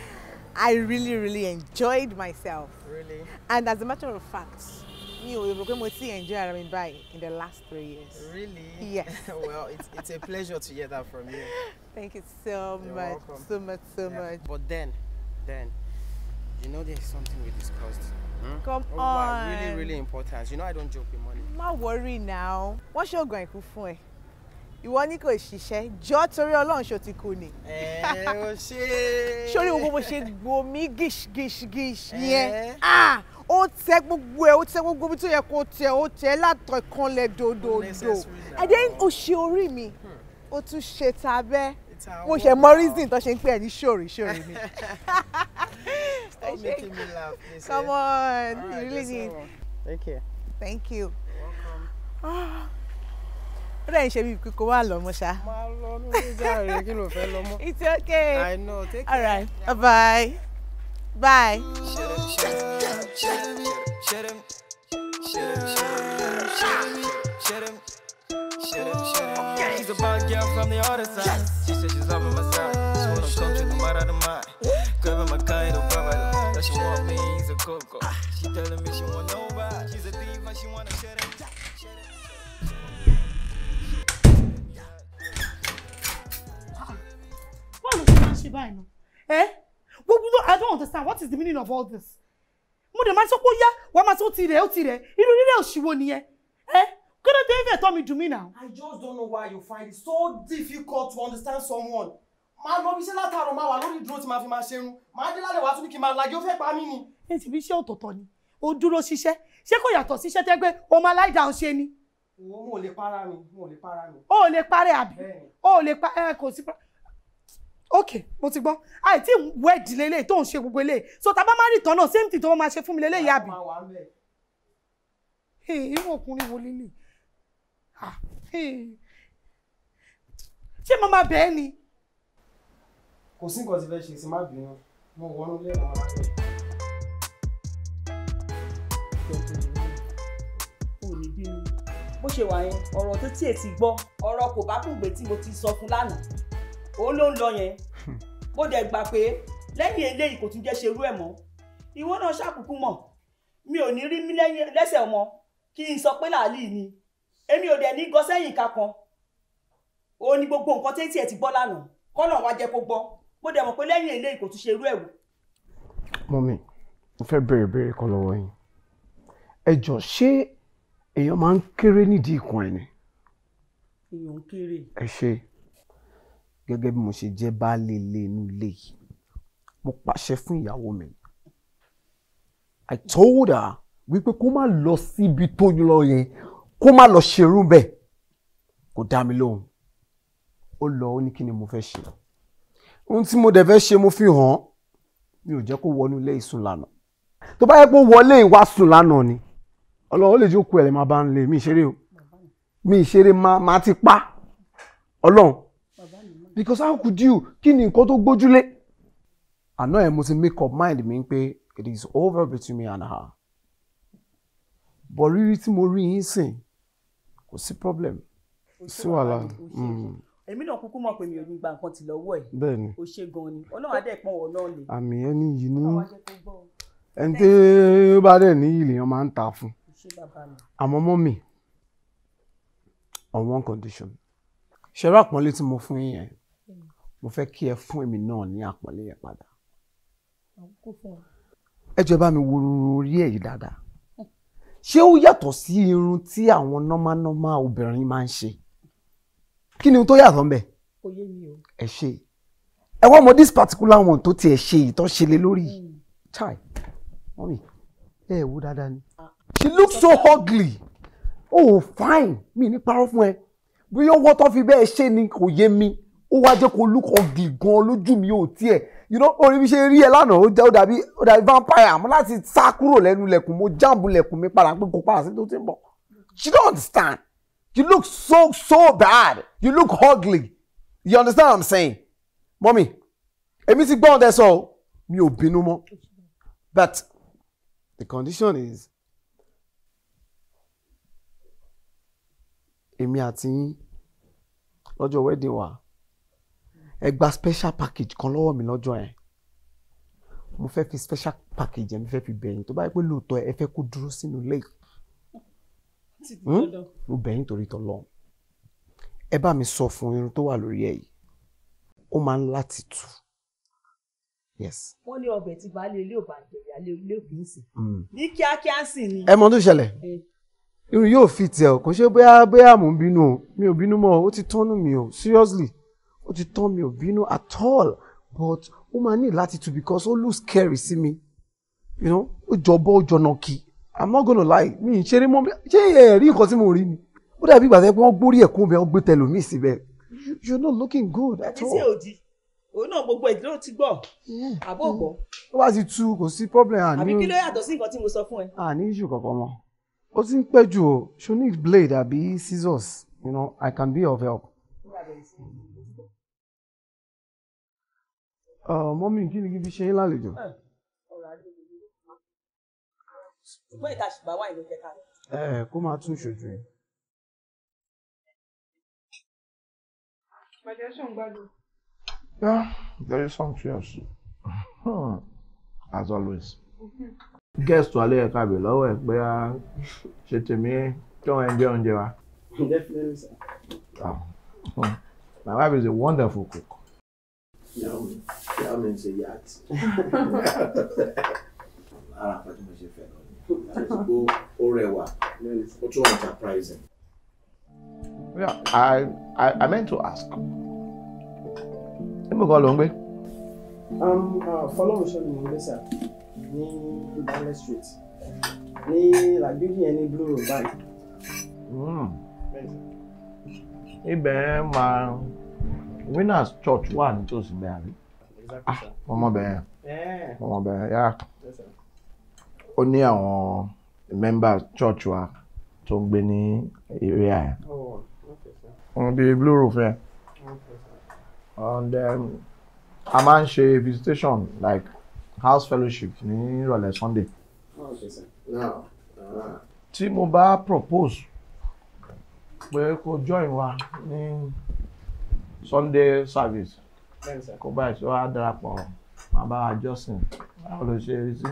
I really really enjoyed myself. Really? And as a matter of fact, mi ò rò pé mo enjoy I mean, by in the last three years. Really? Yes. well, it's, it's a pleasure to hear that from you. Thank you so You're much, welcome. so much, so yeah. much. But then, then, you know there's something we discussed. Hmm? Come oh, on. Wow, really, really important. You know I don't joke with money. Má worry now. Wọ́n ṣe going for? ìwọ ní kò ṣiṣẹ́ jọ torí Ọlọ́run ṣò ti kú ni. ẹ ò ṣe. sórí gbogbo bó ṣe gbomi gíṣgíṣgíṣ yẹn ó tẹ gbogbo ẹ ó tẹ gbogbo bí tó yẹ kó tẹ ó tẹ látọ̀ ìkànlẹ̀ dòdòdò ẹdẹ ó ṣe orí mi hmm. ó tún ṣe tabẹ mo ṣe mọ reason tó ṣe ń pè ẹ ní ṣòrí ṣòrí mi. stop making me laugh. come eh? on right, you really need. Right. thank you. thank you. You're welcome. Ah ó dẹ̀ ń ṣe bíi kíkó wà lọ́mọ ṣá. it's okay. I know take care. all right bye bye. bye. She's a bad girl from the other side. She says she's loving my style. She wanna come to the matter of Grabbing my kind of brother. That she want me, he's a coco. She telling me she want nobody. She's a diva, she wanna share it. báwo ló ṣe máa ń ṣe báyìí nù ẹ gbogbo I don't understand what is the meaning of all this mo dẹ̀ máa sọ pé ó yá wàá máa sọ ó ti rẹ̀ ó ti rẹ̀ irú rírẹ̀ òṣìwò nìyẹn ẹ kí ló dé ìfẹ́ tọ́ mi dùn mí I just don't know why you find it so difficult to understand someone máa lọ bí iṣẹ́ látàárọ̀ máa wà lórí ìdúró tí máa fi máa ṣerun máa dé lálẹ́ wàá tún ní kí n máa lajẹ́ pa mí ni. ẹ ti fi iṣẹ́ ọ̀tọ̀ọ̀tọ̀ ni ó dúró ṣiṣẹ́ ṣé kò yàtọ̀ síṣẹ́ tẹ́gbẹ́ o máa láì dá o ni. mo ò para mi mo ò para mi. o ò lè parẹ́ o ò lè pa ẹ kò sí ok mo ti gbọ́ àìtí wẹ́ẹ̀dì lélẹ̀ tó ń ṣe gbogbo eléyìí so tá a bá má rí ìtàn náà same thing tó wọ́n máa ṣe fún mi lélẹ̀ yà bí. irú ọkùnrin wo lílì ṣé mo máa bẹ̀ ẹ́ ni. kò sí nǹkan tí fẹ́ ṣe sí má bínú mo wọnú lé àwọn akẹ́. òní bínú bó ṣe wà yẹn ọ̀rọ̀ tó tiẹ̀ ti gbọ́ ọ̀rọ̀ kò bá kùn tí mo ti sọ fún lánàá òun ló ń lọ yẹn bó hmm. dẹ̀ gbà pé lẹ́yìn eléyìí kò tún jẹ́ ṣerú ẹ̀ mọ́ ìwọ náà ṣàkùkù mọ̀ mi ò ní rí mi lẹ́sẹ̀ ọmọ kí n sọ pé làálì ni èmi ò dẹ̀ ní gọ sẹ́yìn kankan òun ni gbogbo nǹkan tẹ́tí ẹ̀ ti gbọ́ lánàá kọ́nà wa jẹ́ kó gbọ́ mo dẹ̀ mọ̀ pé lẹ́yìn eléyìí kò tún ṣerú ẹ̀ wò. mọ́mí mo fẹ́ bèrè bèrè kan lọ́wọ́ yín ẹ jọ ṣé èèyàn máa ń kéré nídìí ikùn ẹ̀ ni. èèyàn ń kéré. ẹ ṣe gẹ́gẹ́ bí mo ṣe jẹ́ baálé ilé inú ilé yìí mo pàṣẹ fún ìyàwó mi I told her wípé kó má lọ síbi tó lọ yẹn kó má lọ ṣerú bẹ́ẹ̀ kò dá mi lóhùn ó lọ ó ní kí ni mo fẹ́ ṣe ohun tí mo dẹ̀ fẹ́ ṣe mo fi hàn mi ò jẹ́ kó wọnú ilé ìsùn lánàá tó bá yẹ pé wọlé ìwà sùn lánàá ni ọlọ́run ó lè jókòó ẹ̀ lè máa bá ń lè e. mí ìṣeré o mí ìṣeré máa ti pa ọlọ́run because how could you kí ni nǹkan tó gbójúlé. àná ẹ̀ mo ti make up mind mi pé it is over between me and her. bọ̀ rírí tí mo rí yín sìn kò sí problem kò sí wàhálà. Mm. èmi náà kúkú mọ̀ pé mi ò ní gba nǹkan tí lọ́wọ́ ẹ̀. bẹ́ẹ̀ni o ṣe gan-an ni ọlọ́run adé pọ́n wọn náà lè. àmì ẹni yìí ní ẹni tí ó bá dẹ̀ ní ìlèyàn máa ń ta fún àmọ́ mọ́ mi on one condition ṣẹ́rọ àpọ́nlé tí mo fún yín yẹn mo fẹ́ kí ẹ fún èmi náà ní àpọ́nlé yẹn padà. ẹ bá mi wo orí ẹ̀ yìí dáadáa ṣé ó yàtọ̀ sí irun tí àwọn nọ́mánọ́má obìnrin máa ń ṣe kí ni tó yàtọ̀ ń ẹ ṣe ẹ wá mọ this particular one tó tiẹ̀ ṣe ìtọ́ ṣe lé lórí hmm. chai mọ́mí ẹ ẹ̀ wo dáadáa ni ah. she looks so ugly oh fine mi ní parọ́ fún ẹ bóyá owó tó fi bẹ́ẹ̀ ṣe ni kò yé mi ó wá jẹ́ kó look ugly gan lójú mi ò tiẹ̀ you orí mi ṣe rí ẹ lánàá ó dàbí ó dàbí vampire mo láti sá kúrò lẹ́nu lẹ̀kùn mo jáàmù lẹ̀kùn mi padà pé kò padà sí tó ti ń bọ̀ she don't understand you look so so bad you look ugly you understand what i'm saying mọ́mí èmi ti gbọ́n ọ̀dẹ sọ mi ò bínú mọ́ but the condition is èmi àti yín lọ́jọ́ wedding wa ẹ gba special package kan lọ́wọ́ mi lọ́jọ́ yẹn mo fẹ́ fi special package yẹn mi fẹ́ fi bẹ̀yìn tó bá yẹ pé lóòótọ́ ẹ fẹ́ kó dúró sínú ilé hmm? mo bẹ̀yìn torí tọ́lọ́ ẹ bá mi sọ fún irun tó wà lórí ẹ yìí ó máa ń láti tù yes. wọ́n ní ọbẹ̀ tí baálé ilé ò bá jẹ̀rẹ̀ alẹ́ ilé òbí ń sìn ní kíákíá sì ni. ẹ mọ tó ṣẹlẹ̀ irun yóò fi tẹ̀ ọ́ kò ṣe bóyá bóyá mò ń bínú o mi ò bínú mọ́ o ó ti tọ́nu mi o seriously ó ti tán mi ò bínú at all but ó máa ní latitude because ó lose care sí mi you know ó jọbọ ó jọ̀nà kì i'm not gonna lie mi ń ṣeré mọ́ ṣé ẹ rí nǹkan tí mo rí ni ó dàbí ìgbà tó wọ́n gbórí ẹ̀kún bẹ́ẹ̀ wọ́n gbé tẹlòmíì síbẹ̀ you're not looking good at all. àti sí òdì òun náà gbogbo ìdílé ò ti gbọ́ hmm. àbọ̀ gbọ́. ó bá ti tu kò sí problem àní. àbí kí ló yàtọ̀ sí nǹkan tí mo sọ fún ẹ. àní ìṣù kankan mọ́ ó ti ń pẹ́ jù o ṣo need blade àbí scissors you know i can be of help. Mm -hmm. Uh, mọ́mí kí ni kí n fi ṣe yín lálejò. ṣùgbọ́n ìta ṣùgbọ́n wà ìlú kẹta. ẹ kó máa tún ṣojú yìí. yeah there is some cheers as always. guest wa ló yẹ ká bè lọ́wọ́ ẹ̀ pé ṣe tèmi tí wọ́n ń jẹ oúnjẹ wa. definitely sir. Ah, hmm. My wife is a wonderful cook. Yeah that means a yacht. ara àpàtì mo ṣe fẹ́ lọ ni àtúntò ó rẹwà ó tún enterprising. Yeah, I, I, I meant to ask. Níbo kan ló ń gbé? Um, uh, Fọlọ́run ṣe ni mo ń gbé sà ní Dallas Street ní làgbéjì yẹn ní Blue Road báyìí. Hmm. Ibẹ̀ máa Winners Church wà nítòsí bẹ́ẹ̀ àbí? ọmọbìnrin ọmọbìnrin yá ó ní àwọn mẹ́mbà church wa tó ń gbé ní area yẹn òun oh, bíi blue roof yẹn and um, a máa ń ṣe visitation like house fellowship ní ìrọ̀lẹ́ sunday tí mo bá propose pé kó join wa ní sunday service kó bá ìṣó á darapọ̀ máa bá wa jọ́sìn báwo ló ṣe rí sí.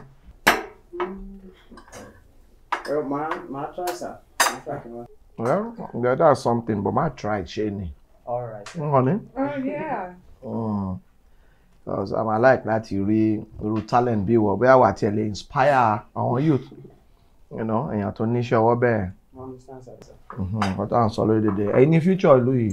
máa máa try well that's something but máa try ṣe ni. all right. ǹkan oh yeah. Hmm. because i'm like láti rí irú talent bí wọ bóyá wà á tiẹ̀ lè inspire àwọn youth you know èèyàn tó níṣẹ́ ọwọ́ bẹ́ẹ̀. wọ́n ń sáǹsà sọ. ọ̀tá à ń sọ lórí dédé ẹ̀yin ní future ìlú yìí.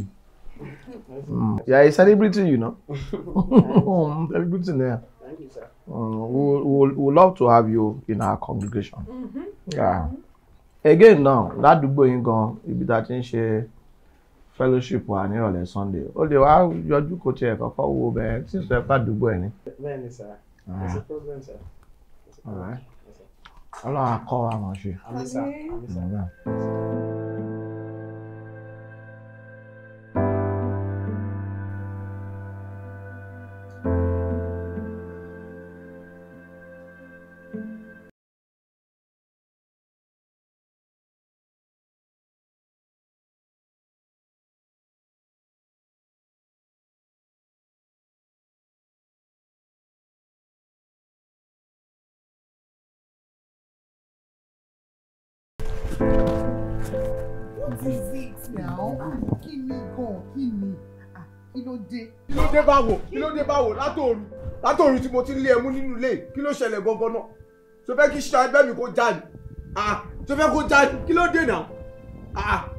Mm. Yeah, a celebrity, you know. Mm. celebrity there. Thank you, sir. Um, we we we love to have you in our congregation. Mm-hmm. Yeah. Mm-hmm. Again now, that yín gan gone, tá a ti ń Fellowship or any other Sunday. Ó lè wá yọjú kò tiẹ̀ kọ́kọ́ wo bẹ́ẹ̀ tí sọ ẹ pàdúgbò ẹ̀ ni. Bẹ́ẹ̀ni sá, it's a problem sá. Ọlọ́run akọ́ wa mọ̀ ṣe. Àmín sá, àmín sá. gan-an kí ni kí ló dé. kí ló dé báwo kí ló dé báwo látòru látòru tí mo ti ń lé ẹmú nínú ilé kí ló ṣẹlẹ̀ gangan náà tó fẹ́ kí ṣíṣe ẹgbẹ́ mi kó jáde tó fẹ́ kó jáde kí ló dé náà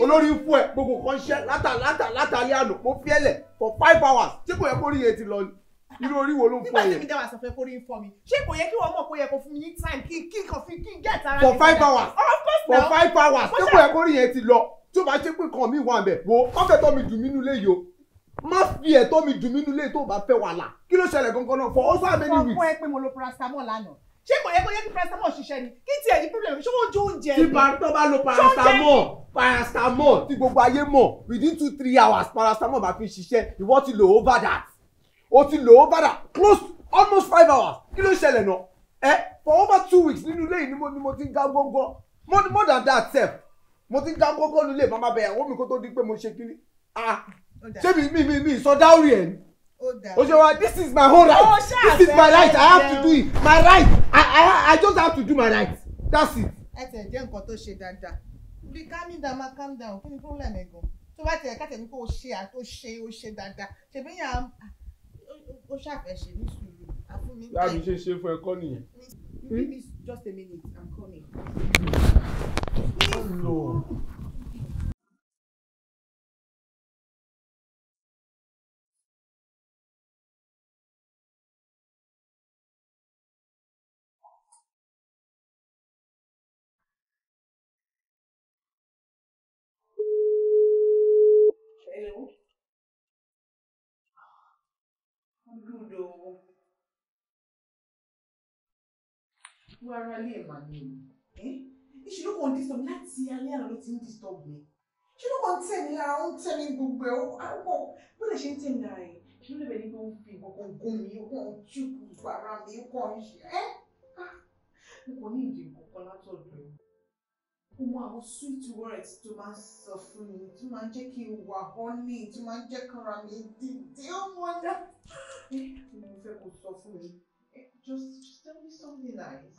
olórí fún ẹ gbogbo kan ṣẹ látà látà látà lé àná mo fi ẹlẹ for five hours tí kò yẹ kó rí iye ti lọ irú orí wo ló ń fọ yẹn. nígbà tí mi dáwà sọ fẹ́ kó rí ń fọ mi ṣé kò yẹ kí wọ́n mọ̀ kó yẹ kó fún mi ní time kí kí kàn fi kí gẹ̀ẹ́tara. for five hours for five hours tí kò yẹ kó rí iye ti lọ tí o bá ṣe pé kan mi wà mẹ́ wo má fẹ́ tọ́ mi dùn mí nulẹ̀ yìí o má fi ẹ̀tọ́ mi dùn mí nulẹ̀ tó o bá fẹ́ wàhálà kí ló ṣẹlẹ̀ gangan náà for over many weeks. wọ́n fún ẹ pé mo lo paracetamol lánàá ṣé kò yẹ kó yẹ kí paracetamol ṣiṣẹ́ ni kí tiẹ̀ ní problem ṣé wọ́n jó oúnjẹ ni. tí bàtọ́ bá lo paracetamol paracetamol tí gbogbo ayé mọ̀ within two three hours paracetamol bá fi ṣiṣẹ́ ìwọ ti lo over that o ti lo over that close almost five hours kí ló ṣẹlẹ̀ náà ẹ eh, for over two weeks nínú ilé yìí ni mo ti ga gbọ́ngbọ́n more than that sef mo ti ń dá kókó nílé màmá bẹ̀yà wọ́n mi kó tó di pé mo ṣe kiri ah ṣé mi mi mi sọ dáwọ́rì ẹ̀ ni o ṣe wa this is my own right oh, this is my right I have to do it my right I I I just have to do my right that's it. ẹ tẹ̀ jẹ́ nǹkan tó ṣe dáadáa bí calm down ma calm down kí ni problem ẹ̀ gan tó bá tẹ̀ ká ní kó o ṣe àti o ṣe o ṣe dáadáa ṣèbí yàn án ó ṣàfẹ́ ṣe ní sùúrù àfúnmi. yàrá mi ṣe ṣe fún ẹ nìyẹn. give me just a minute I'm coming. Hello. Hello. Where are you, my name? Eh? ṣe ló kàn ń disturb láti alẹ́ àná ló ti ń disturb mi ṣe ló kàn ń tẹ̀ mí lára ó ń tẹ̀ mí gbogbo ẹ̀ ó pọ̀ bó lè ṣe ń tẹ̀ mí lára yẹn ṣe ló lè bẹ̀ ní pé ó fi ìkọ̀kọ̀ gún mi ó kàn ń tú gbogbo ara mi ó kàn ń ṣe ẹ́ n kò ní ìdí kankan látọ̀dọ̀ ẹ̀ ó mọ àwọn sweet words tó máa ń sọ fún mi tó máa ń jẹ́ kí n wà honey tó máa ń jẹ́ kára mi dìde ó mọ dá ẹ mo fẹ́ kó sọ fún mi just just tell me something nice.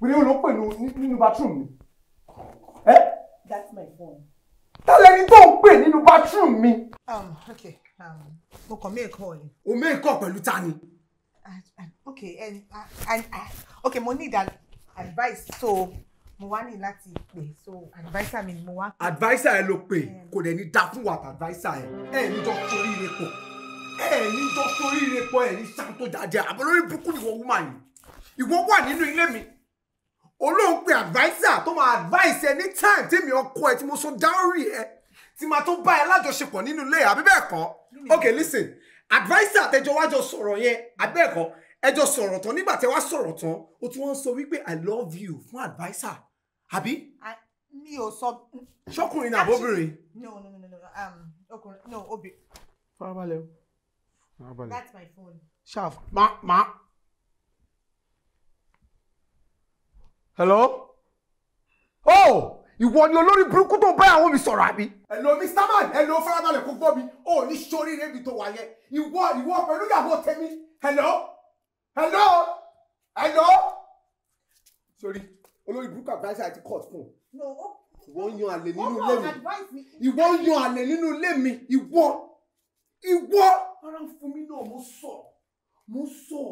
wèrè wo ló ń pè nínú bathroom mi. ẹ. that's my phone. tálẹ̀ ni tó ń pè nínú bathroom mi. Um, okay Um, mo kàn mí èkó ni. o mé èkó pẹ̀lú ta ni. okay and, and, okay mo need an advice so mo wá ní láti pè so adviser mi ni mo wá. adviser ẹ ló pè kò dẹ̀ ní dá fún wa adviser ẹ ẹ ní jọ torí ire pọ̀ ẹ ní jọ torí ire pọ̀ ẹ ní santo jàjẹ àbọ̀lórí burúkú ni wọ́n wú màá yìí ìwọ wà nínú ilé mi olóhùn pé adviser tó máa advise anytime tèmi ọkọ ẹ tí mo sọ dáórì ẹ tí máa tó bá ẹ lájọṣepọ̀ nínú ilé àbí bẹ́ẹ̀ kọ́ ok listen adviser àtẹjọ wájọ sọ̀rọ̀ yẹn àbí bẹ́ẹ̀ kọ́ ẹjọ sọ̀rọ̀ tán nígbà tẹ wá sọ̀rọ̀ tán o tún wọ́n sọ wípé i love you fún adviser àbí. mi ò sọ. ṣọkùnrin náà àbóbìnrin. no no no no um, ọkùnrin no Obi. farabalẹ̀ o farabalẹ̀. that's my phone. ṣáà máa máa. hello oh ìwọ ni olórí burúkú tó bá àwọn mi sọ̀rọ̀ àbí. hello mr man hello farabalẹ̀ kó gbọ́ mi ò ní sórí rébi tó wà yẹn ìwọ ìwọ pẹ̀lú ìyàwó tèmi hello hello hello sorry olórí burúkú àgbáṣe àti court fún un ìwọ ń yan àlè nínú ilé mi ìwọ ń yan àlè nínú ilé mi ìwọ ìwọ. ara ń fún mi náà mo sọ mo sọ.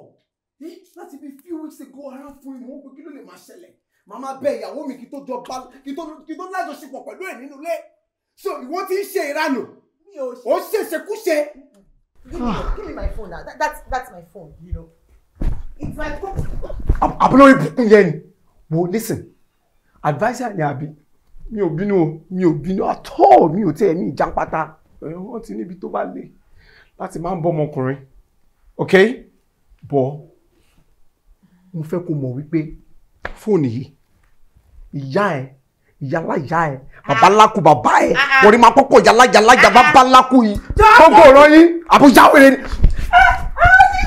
Eh, láti bí few weeks ago ara fún mi wọ́n pé kí ló lè máa ṣẹlẹ̀ màmá bẹ ìyàwó mi kí tó jọ bá kí tó lájọṣepọ̀ pẹ̀lú ẹ̀ nínú ilé so ìwọ ti ń ṣe ìranù ó ṣe ṣekúṣe. give me my phone now that, that's, that's my phone you know it's my phone. àbúrò ìbùkún yẹn ni wo listen adviser ni àbí mi ò bínú o mi ò bínú at all mi ò tẹ́ ẹ̀mí ìjàmpátá wọ́n ti níbi tó bá lè láti máa ń bọ́ ọmọkùnrin ok bọ́ mo fẹ́ kó mọ̀ wípé fóònù yìí ìyá ẹ ìyálàyà ẹ babaláku bàbá ẹ wọ́n ah, ní ah. máa kọ́kọ́ ìyálàyàlájà ah, babaláku yìí kọ́kọ́ ọ̀rọ̀ yìí àbújá wèrè ni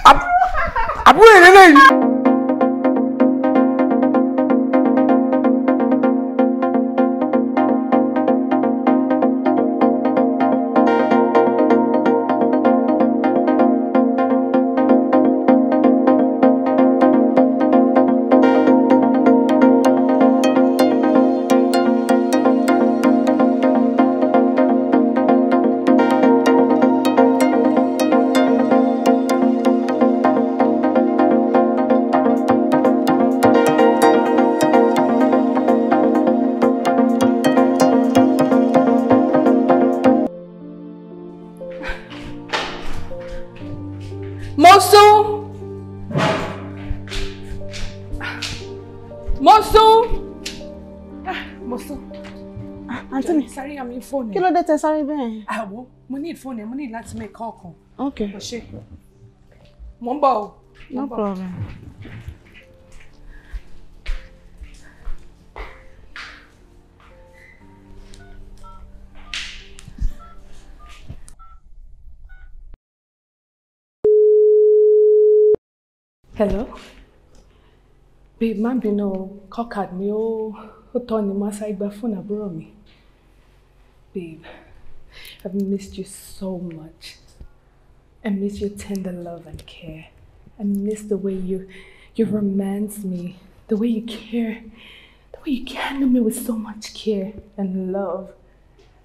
àbúrò èrè náà yìí. fóònù ẹ. kí ló dé tẹ sáré bẹ́ẹ̀. àwo mo ní fóònù ẹ mo ní láti mú ẹ̀kọ́ ọ̀kan. ok mo ṣe mo ń bọ̀ o. no problem. Hello? Babe, má bínú o, cockard mi ó tọ́ ni mo ṣáà gba fóònù àbúrò mi. babe. I've missed you so much. I miss your tender love and care. I miss the way you you romance me, the way you care, the way you handle me with so much care and love,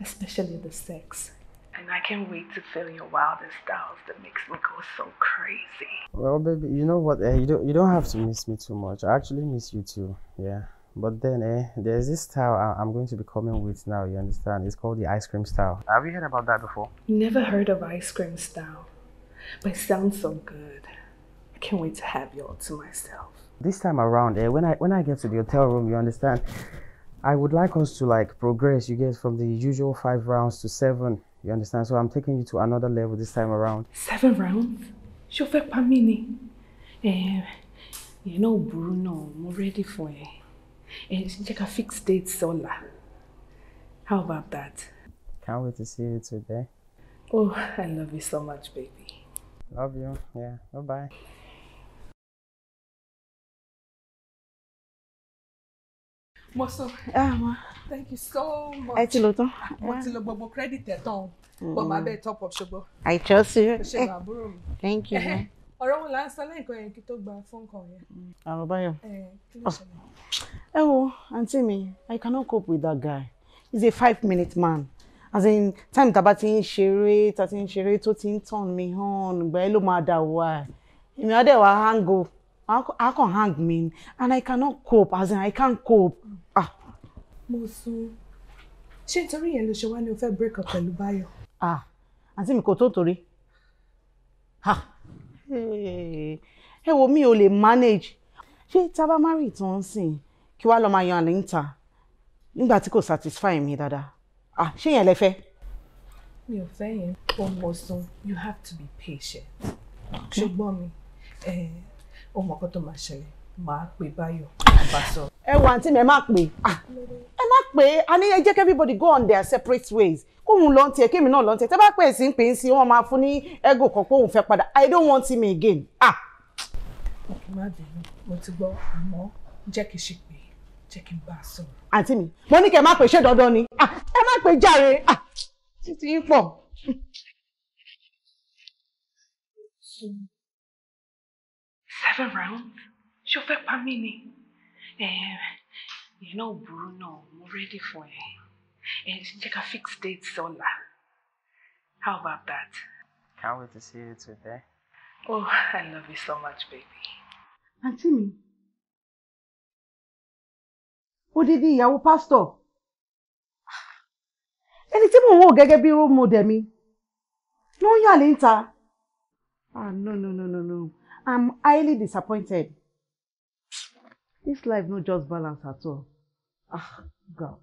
especially the sex. And I can't wait to feel your wildest styles that makes me go so crazy. Well, baby, you know what? Eh, you don't you don't have to miss me too much. I actually miss you too. Yeah. But then eh, there's this style I- am going to be coming with now, you understand? It's called the ice cream style. Have you heard about that before? Never heard of ice cream style, but it sounds so good. I can't wait to have you all to myself. This time around, eh, when I when I get to the hotel room, you understand, I would like us to like progress, you get from the usual five rounds to seven. You understand? So I'm taking you to another level this time around. Seven rounds? Chauffeur eh, you know, Bruno, I'm ready for it and eh, check a fixed date solar. How about that? Can't wait to see you today. Oh, I love you so much, baby. Love you. Yeah. Bye bye. Moso, ah, ma. Thank you so much. I tell you tán. Mo ah. ti lò gbogbo credit ẹ̀ tán. Bọ́ máa bẹ́ẹ̀ top of ṣùgbọ́n. I trust you. Eh. Thank you. ọ̀rọ̀ wọn là ń sọ lẹ́ẹ̀kan yẹn kí tó gba fóònù kan yẹn. Mm. àrùn báyọ̀ ẹ wo àǹtí mi i cannot cope with that guy he's a five minute man as in time tàbá ti ń ṣeré tàbá ti ń ṣeré tó ti ń tàn mí hàn ìgbà yẹn ló máa dà wá èmi ọdẹ wa hang o i can hang me and i cannot cope as in i can't cope. Mm. ah. mo sún ṣé nítorí yẹn ló ṣe wá ní o fẹ́ break up pẹ̀lú báyọ̀. ah àǹtí mi kò tó torí. ah ẹ wo mi ò lè manage ṣé tábà má rí ìtàn sìn kí wàá lọ máa yan àlè ń ta nígbà tí kò satisfy mi dáadáa ah ṣé yẹn lẹ fẹ́. mi ò fẹ́ yẹn ó mọ sun you have to be patient ṣùgbọ́n mi ó mọ ọkọ tó máa ṣẹlẹ̀ máa pè báyọ̀ àbáṣọ. ẹ wà àǹtí mi ẹ má pè ah, ẹ má pè á ní ẹ jẹ́ kí everybody go on their separate ways kóun lọ ń tiẹ̀ kémi náà lọ ń tiẹ̀ tẹ́ bá pè sí pè sí wọn máa fún ní ego kan kóun fẹ́ padà i don't want him again. ah. ọkùnrin má bínú mo ti gbọ́ àmọ́ jẹ́ kí n ṣe pé jẹ́ kí n bá a sọ̀rọ̀. àǹtí mi mo ní kẹ́ ẹ má pè ṣé dandan ni ẹ má pè jàre títí yín pọ̀. seven rounds ṣé o fẹ́ pa mí ni? ìyẹn náà burú náà mo rẹ́dí fún ẹ. And jẹ́ a fixed date sọ́la. How about that? Can't wait to see you today. Oh, I love you so much, baby. Àǹtí mi, odidi ìyàwó pásítọ̀, ẹni tí mò ń wò get a role model mi, ló ń yàlé Ah, no, no, no, no, no. I'm highly disappointed. This life no just balance at all. Ah, God.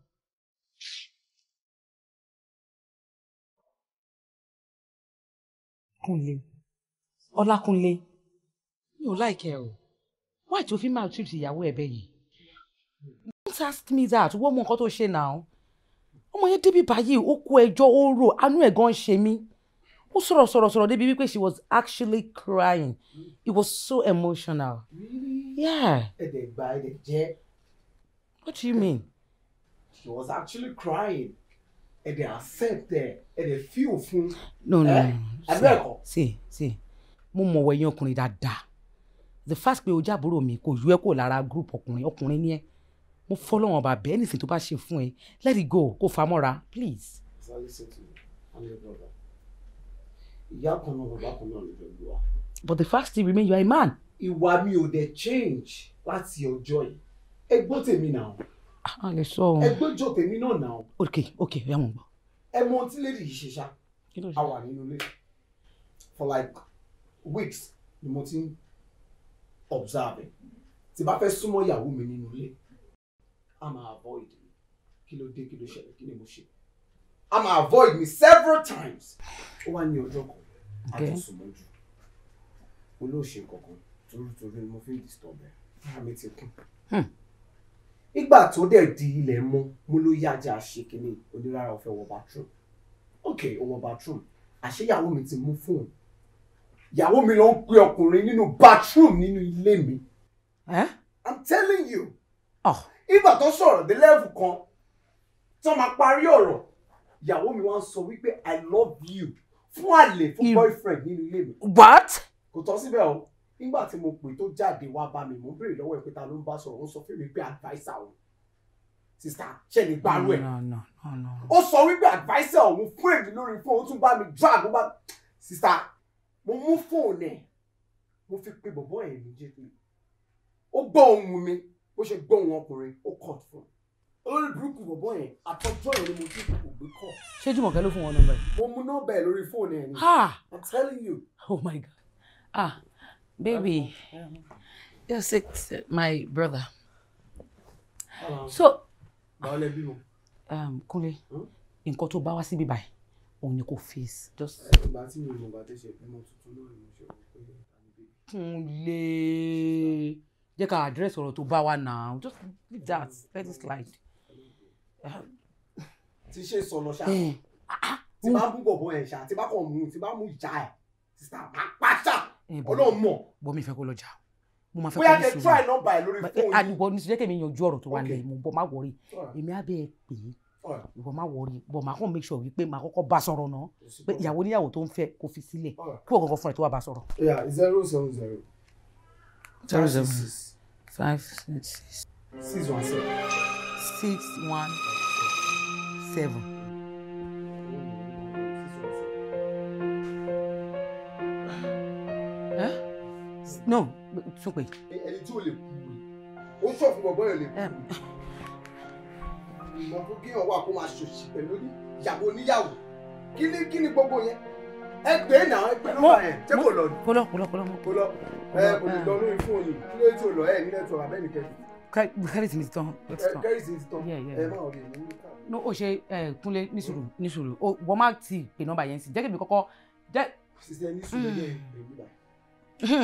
Kúnlé Ọlákúnlé mi ò like ẹ o why tó fi máa tù ìyàwó ẹ yìí don't ask me that wọ́n mọ nǹkan tó ṣe náà ọmọ yẹn débi báyìí ó kó ẹjọ́ ó rò àánú ẹ̀ gan ṣe mí ó sọ̀rọ̀ sọ̀rọ̀ sọ̀rọ̀ débi wípé she was actually crying it was so emotional. Really? yeah. ẹ̀dẹ̀ jẹ́. what do you mean. she was actually crying ẹ̀dẹ̀ accept ẹ̀ ẹ̀dẹ̀ fi òfin. no no abẹ́ẹ̀kọ́. Eh? see. sí mo mọ̀ wẹ̀yìn ọkùnrin dáadáa the first pé o jábúrò mi kò yú ẹ kó lára group ọkùnrin ọkùnrin ni ẹ mo fọlọ́wọ́n ọba bẹ́ẹ̀ nìsín tó bá ṣe fún ẹ let it go kó fa mọ́ra please. but the first thing remain you are a man. ìwà mi ò dẹ̀ change láti ọjọ́ yìí ẹ gbọ́ tèmi náà a lè sọ ọ. ẹgbẹ́ jọ tèmi náà nà ọ. ok ok ẹ mọ̀ gbọ́. ẹ mọ ohun tí lady yìí ṣe ṣá a wà nínú ilé for like weeks ni mo ti ń observe tí bá fẹ́ súnmọ́ ìyàwó mi nínú ilé a máa avoid mi kí ló dé kí ló ṣẹlẹ̀ kí ni mo ṣe a máa avoid mi several times ó wá ní ọjọ́ kan a ti sùn mọ́jú olóòṣè kankan torí ni mo fi ń disturb ẹ̀ àmì ti kún. Hmm ìgbà tó dẹ̀ di ilẹ̀ mọ́ mo ló yájà ṣe kínní onírara ọ̀fẹ́ wọ bathroom ok ó wọ bathroom àṣeyàwó mi ti mú fóònù ìyàwó mi ló ń pe ọkùnrin nínú bathroom nínú ilé mi. I'm telling you. ìgbà ah. tó sọ̀rọ̀ dé lẹ́ẹ̀fù kan tó máa parí ọ̀rọ̀ ìyàwó mi wá ń sọ wípé I love you fún àlè fún boyfriend nínú ilé mi. What? kò tọ́ síbẹ̀ o nígbà tí mo pè tó jáde wá bá mi mò ń béèrè lọ́wọ́ ẹ̀ pé ta ló ń bá sọ̀rọ̀ ó sọ fún mi pé adviser òun sista ṣe ní gbaru ẹ̀ ó sọ wípé adviser òun fún èdè lórí fóun ó tún bá mi drag ó bá sista mo mú fóònù ẹ̀ mo fi pe bọ̀bọ́ ẹ̀ méjèèjì ó gbọ́ ohun mi bó ṣe gbọ́ ohun ọkùnrin ó kọ̀ fún un olórí burúkú bọ̀bọ̀ yẹn àtọ́jọ́ yẹn ni mo ti kò gbé kọ́. ṣé jùmọ̀ kẹ́ ló fún wọn nọ́mbà yìí. mo mú nọ́mbà ẹ̀ lórí fóònù ẹ̀ ni. i'm telling you. oh my god. ah Baby, you're sick, my brother. Um, so, um, Kúnlé, hmm? nǹkan tó bá wá síbí báyìí, òun ni kò face. Just. kule. jẹ́ ká address ọ̀rọ̀ tó bá now. Just leave that, let it slide. Ti ṣe sọ̀nà ṣá. Eh, ah, ah, ti bá bú bọ̀bọ̀ ẹ̀ ṣá, ti bá kàn mú, ti bá mú ìjà ẹ̀, sísá, máa pàṣà. Eh, ọlọ́run mọ̀. bọ́ mi fẹ́ kó lọ jà mo máa fẹ́ kó ní sùúrù bóyá ẹ try nọ́mbà ẹ lórí fóònù. àlùbọ ní sùdẹ́kẹ̀ mi yanjú ọ̀rọ̀ tó wà nílẹ̀ mo bọ́ má wọrí èmi á ẹ pè é ìwọ má wọrí bọ́ máa kàn make sure wípé máa kọ́kọ́ bá sọ̀rọ̀ náà pé ìyàwó níyàwó tó ń fẹ́ kó fi sílẹ̀ kí òkòkò fún ẹ tó wà bá sọ̀rọ̀. zero seven zero. zero seven five six. six one seven. six one seven. no tún pè. ẹni tí o lè kú o ń ṣọ̀fun bọ̀bọ̀ yẹn lè kú ìmọ̀ fún kí ọwọ́ àkó máa ṣòṣì pẹ̀lú ìyàwó oníyàwó kí ni gbogbo yẹn ẹ pè é e ẹ pè é náà yẹn ṣé lọ ni. lọ kò lọ kò lọ. kò lọ ẹ kò lè lọ kí ló tí o lọ ẹ nílẹ̀ tó abẹ́ nìkẹ́. kẹ́rìsì mi ti tán. kẹ́rìsì mi ti tán o ṣe kúnlé nísùúrù nísùúrù o wọ́n máa ti pè nọ́mbà yẹn sí jẹ́ kí mi kọ́kọ́ jẹ́. sísẹ nísùúrù yẹn mm. èmi báyìí switch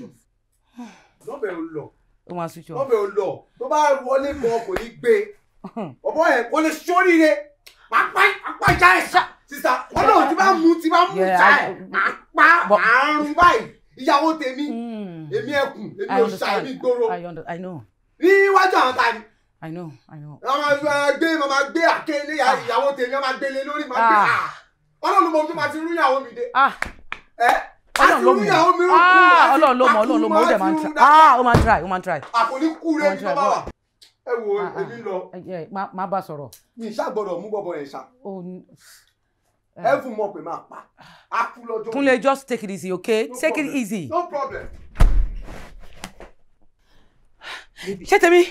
off lọ́bẹ̀ ò lọ ó máa switch off lọ́bẹ̀ ò lọ tó bá wọlé kan kò ní gbé ọ̀bọ yẹn kò lè sóríire pápá pápá ìjà ẹ̀ ṣá sísá ọlọ́run ti bá mú ti bá mú ìjà ẹ̀ pápá àrùn báyìí ìyàwó tèmi hmm. èmi ẹkùn èmi ò ṣá èmi gbòòrò níwájú àwọn ta I know, I know. Màmá gbé màmá gbé àkéle ìyàwó tèmi màmá gbélé lórí màmá gbé. Ah. Ah ọlọ́run mọ̀ bí màá ti rú ìyàwó mi dé. ọlọ́run ló mọ̀ ọlọ́run ló mọ̀ ọlọ́run ló mọ̀ ó dẹ̀ máa ń try ah, ó máa ń try ó máa ń try. àkòní kú rẹ ní bàbá wa ẹ wo ah, ah. èmi lọ. má bá sọ̀rọ̀. mi ìṣàgbọ̀dọ̀ mú bọ̀bọ̀ yẹn ṣá eh. every month we ma pa a kú lọ́jọ́. Kúnlé just take it easy okay no take problem. it easy. no problem. ṣé tèmi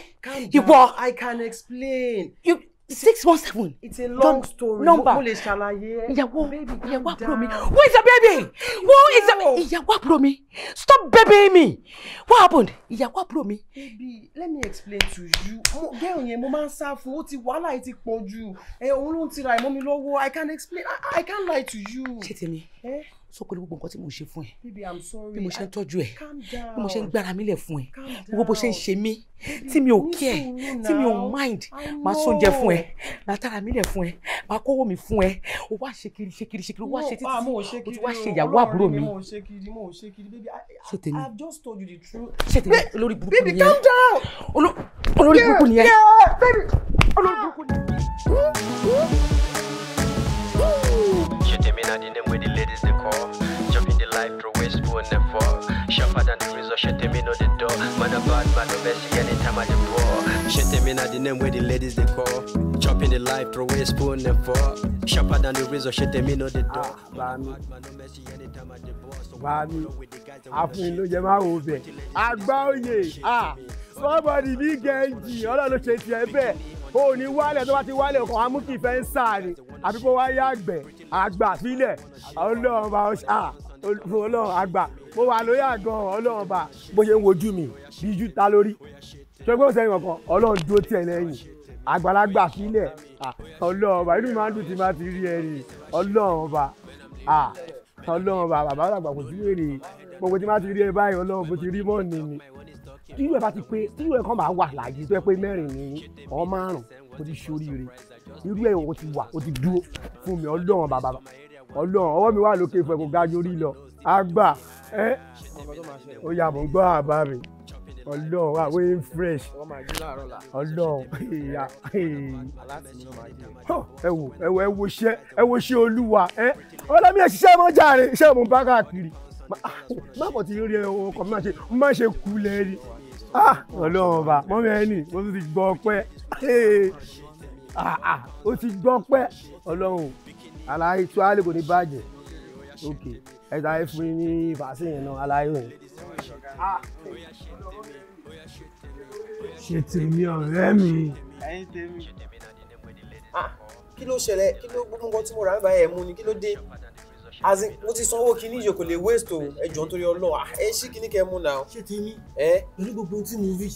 ìwọ. I can explain. You six one seven. it's a long story number mo lè ṣàlàyé ẹ. ìyàwó ìyàwó who is the baby who is the ìyàwó àbúrò mi stop babying me what happened ìyàwó àbúrò mi. baby let me explain to you Get on your mo máa for what fún ó ti wàhálà yìí ti pọ̀ jù ẹ̀ òun ló ń i can't explain i, I can lie to you. ṣé Eh? sọ pé gbogbo nǹkan tí mo ṣe fún ẹ bí mo ṣe ń tọ́jú ẹ bí mo ṣe ń gbára mílẹ̀ fún ẹ gbogbo bó ṣe ń ṣe mí tí mi ò kí ẹ tí mi ò mind máa sóúnjẹ fún ẹ máa tára mílẹ̀ fún ẹ máa kówó mi fún ẹ o wá ṣe kiri ṣe kiri ṣe kiri o wá ṣe títí ah, o ti wá ṣe ìyàwó àbúrò mi. ṣe tèmi ṣe tèmi olórí burúkú ni ẹ olórí burúkú ni ẹ olórí burúkú before. Jump in the life through wasteful and fall. Sharper than the razor, shut them in on the door. Man a bad man, no mercy anytime I deploy. Shut them in at the name where the ladies they call. Jump in the life through wasteful and fall. Sharper than the razor, shut them in on the door. Ah, man a bad man, no mercy anytime I deploy. So we go with the guys that Afun ló jẹ máa wo bẹ̀. Àgbá òye! Ah! Somebody ní Gẹ̀ẹ́jì, ọlọ́run ló ṣe tiẹ̀ bẹ́ẹ̀ o ní wálẹ̀ tó bá ti wálẹ̀ ọkàn amúkì fẹ́ ń sá ni àbí kó wá yá àgbẹ̀ àgbà sílẹ̀ ọlọ́run bá ọṣà ọlọ́run àgbà mo wà lóyè àgàn ọlọ́run bó ṣe ń wojú mi bí ijú ta lórí ṣọgbọ́n sẹ́yìn kankan ọlọ́run dúró tiẹ̀ lẹ́yìn àgbàlagbà sílẹ̀ ọlọ́run ọba inú mi máa ń dùn tí máa ti rí ẹni ọlọ́run ọba ọlọ́run ọba bàbá àgbà kò sí wèrè gbogbo tí máa ti rí ẹ báyìí ọlọ́run bó ti rí mọ́ọ̀nì mi tí ìwé bá ti pé tí ìwé kan bá wà láàyè tó yẹ pé mẹ́rin ní ọ márùn ó ti ṣoríire irú ẹ̀ o ti wà o ti dúró fún mi ọlọ́run bàbá ọlọ́run ọwọ́ mi wà lókè fún ẹ kó ga yorí lọ àgbà ẹ ó yà mọ̀ ń gbọ́ àbá mi ọlọ́run wà wey fresh ọlọ́run ìyá ẹ wò ẹ wò ẹ wo iṣẹ́ ẹ wo iṣẹ́ olúwa ẹ ọlọ́mi ẹ̀ ṣiṣẹ́ mọ́ jàre iṣẹ́ mo bá káàkiri má bọ̀ tí rí ẹ ọkọ̀ mi máa ṣe kulẹ̀ rí Ah, ọlọ́run ọba mọ́mí ẹni mo ti gbọ́ pẹ́ ah, ah, ó ti gbọ́ pẹ́ ọlọ́run aláì tí wàá lè kò ní bàjẹ́ ok ẹ̀ta ẹ̀ fún yín ní vaccine yẹn náà aláì òun. ṣe tèmi ọ̀rẹ́ mi. ẹ̀yin tèmi. kí ló ṣẹlẹ̀ kí ló gbogbo nǹkan tí mo rà ń bá ẹ̀ mú ni kí ló dé as in mo ti sanwó kinní yìí kò lè waste o ẹjọ́ nítorí ọlọ́ọ̀ ah, ẹ ṣí kinní kẹ́ mú náà. ṣé tèmi pẹ̀lú gbogbo tí mo rí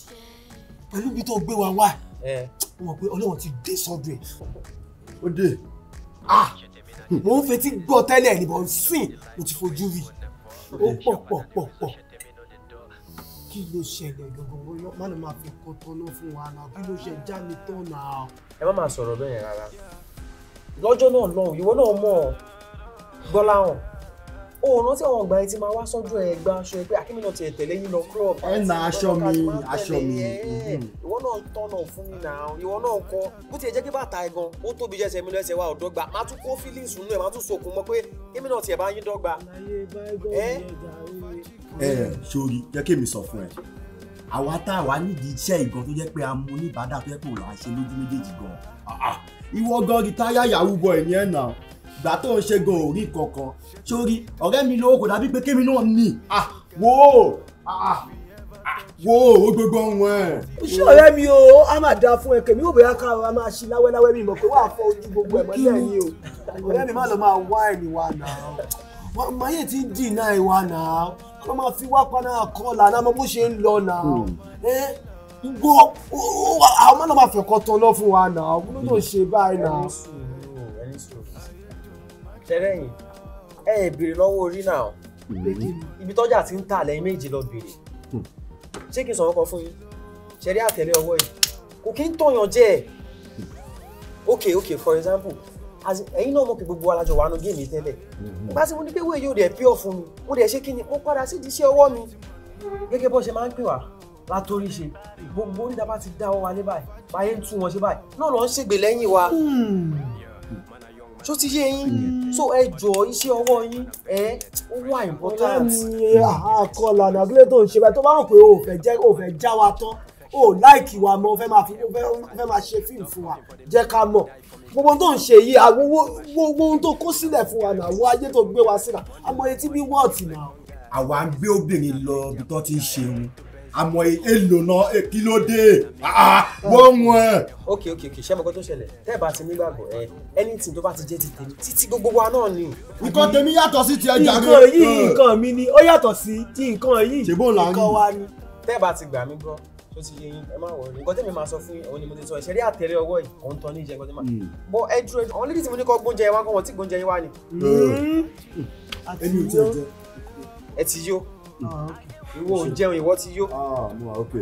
pẹ̀lú ibi tó gbé wa wá mo mọ̀ pé ọlọ́wọ́n ti dé sọ́dọ̀ ẹ̀. ó dé. Ah, mo ń fetí gbọ́ tẹ́lẹ̀ níbọ̀ sìn mo ti fojú rí ó pọ̀ pọ̀ pọ̀ pọ̀ kí ló ṣẹlẹ̀ gbọ̀ngàn má ló máa fi kọ́ tọ́nà fún wa náà kí ló ṣe já mi tán náà. ẹ má máa sọ̀rọ̀ bẹ́ẹ̀ rárá lọ́jọ́ náà lọ́hùn ìwọ náà mọ̀ ọ́ gbọ́láhàn òòrùn tí àwọn ọgbà yẹn ti máa wá sọ́jú ẹ̀ gba aṣọ ẹ pé akínmi náà ti ẹ̀ tẹ̀lé yín lọ club. ẹ na aṣọ mi aṣọ mi. Mhm. ìwọ náà tọ̀nà fún mi náà ìwọ náà kọ bó ti jẹ́ kí bàtà ẹ̀ gan ó tóbi jẹ́sẹ̀ mi lẹ́sẹ̀ wa ọ̀dọ́gba má tún kó feelings nù ẹ̀ má tún sokùn mọ́ pé kíni náà ti ẹ̀ bá yín dọ́gba. ẹ ẹ sori jẹ́ kí èmi sọ fún ẹ àwa tá a wà nídìí iṣẹ́ ìgan tó jẹ́ pé a mú oníbàdà tó yẹ kó lọ́ọ́ àṣẹ lójú méjèèjì gan-an ìwọ gan-an gita yáyà wúbọ ẹ̀yìn ẹ̀ náà gbà tó ń ṣe gan orí kankan sórí ọ̀rẹ́ mi kò dàbí pé kémi náà nì wò wo o gbogbo ọ̀hún ẹ̀. iṣẹ́ ọ̀rẹ́ mi o a máa da fún ẹ kèmí ò bóyá ká a máa ṣe láwẹ́láwẹ́ mi mọ̀ pé wàá fọ ojú gbogbo ẹ̀ mọ́lẹ̀ o ọ̀rẹ́ mi má lọ máa wá wa nà mayé ti dì náà ìwà ṣẹlẹ́yìn ẹ ẹ béèrè lọ́wọ́ orí náà mm-hmm. ibi tọ́jà ti ń tà lẹ́yìn méjì lọ béèrè hmm. ṣé kí n sọ̀rọ̀ kan fún yín ṣẹlẹ́ àtẹ̀lé ọwọ́ yìí kò kí ń tọ̀yàn jẹ́ ẹ̀ hmm. okay okay for example as ẹ̀yin náà mọ̀ pé gbogbo alájọ wà nù géèmì tẹ́lẹ̀ hmm. bá ti mo ní pé wéè yóò dẹ̀ pure fún mi mo dẹ̀ ṣe kí ni mo padà sí ìdíṣẹ́ ọwọ́ mi gẹ́gẹ́ bó ṣe máa ń pè wá látorí ṣe gbogbo onídàá bá ti dáwọ́ wa ní báyìí báyé ń tú wọn ṣe báyìí náà lọ́ ń ṣègbè lẹ́yìn wa ṣó ti yé yín so ẹ jọ iṣẹ́ ọwọ́ yín ẹ ó wà important. ọlọ́ni àkọlà nàdúrà tó ń ṣe báyìí tó bá rò pé o jẹ́ o já wa tán o láìkì wa mọ fẹ́ máa fi fẹ́ máa ṣe fíìmù fún wa jẹ́ ká mọ̀ gbogbo tó ń ṣe yìí àwọn ohun tó kó sílẹ̀ fún wa náà àwọn ayé tó gbé wa sílẹ̀ àmọ́ etí bí wọ́ọ̀tì náà. àwa ń gbé obìnrin lọ ibi tó ti ń ṣe òun àmọ́ èlò náà kí ló dé ah, ah, wọ́n wọ́n ẹ̀. ok ok ok ṣé mọ̀kọ́ tó ṣẹlẹ̀ tẹ́ ẹ bá ti nígbàgbọ́ ẹ anything tó bá ti jẹ́ ti tèmi títí gbogbo wa náà ni. nǹkan tèmi yàtọ̀ sí ti ẹja rẹ. nǹkan yìí nǹkan mi ni ó yàtọ̀ sí ti nǹkan yìí nǹkan wa ni. tẹ́ ẹ bá ti gbà mí gbọ́ tó ti yẹ yín ẹ má wọlé nǹkan tẹ́mi máa sọ fún yín òun ni mo ti sọ ìṣeré àtẹ̀rẹ̀ ọwọ́ yìí òun tán ní ìjẹ́ ìwọ ò jẹun ìwọ ti yó. Ah, mo wà ókè.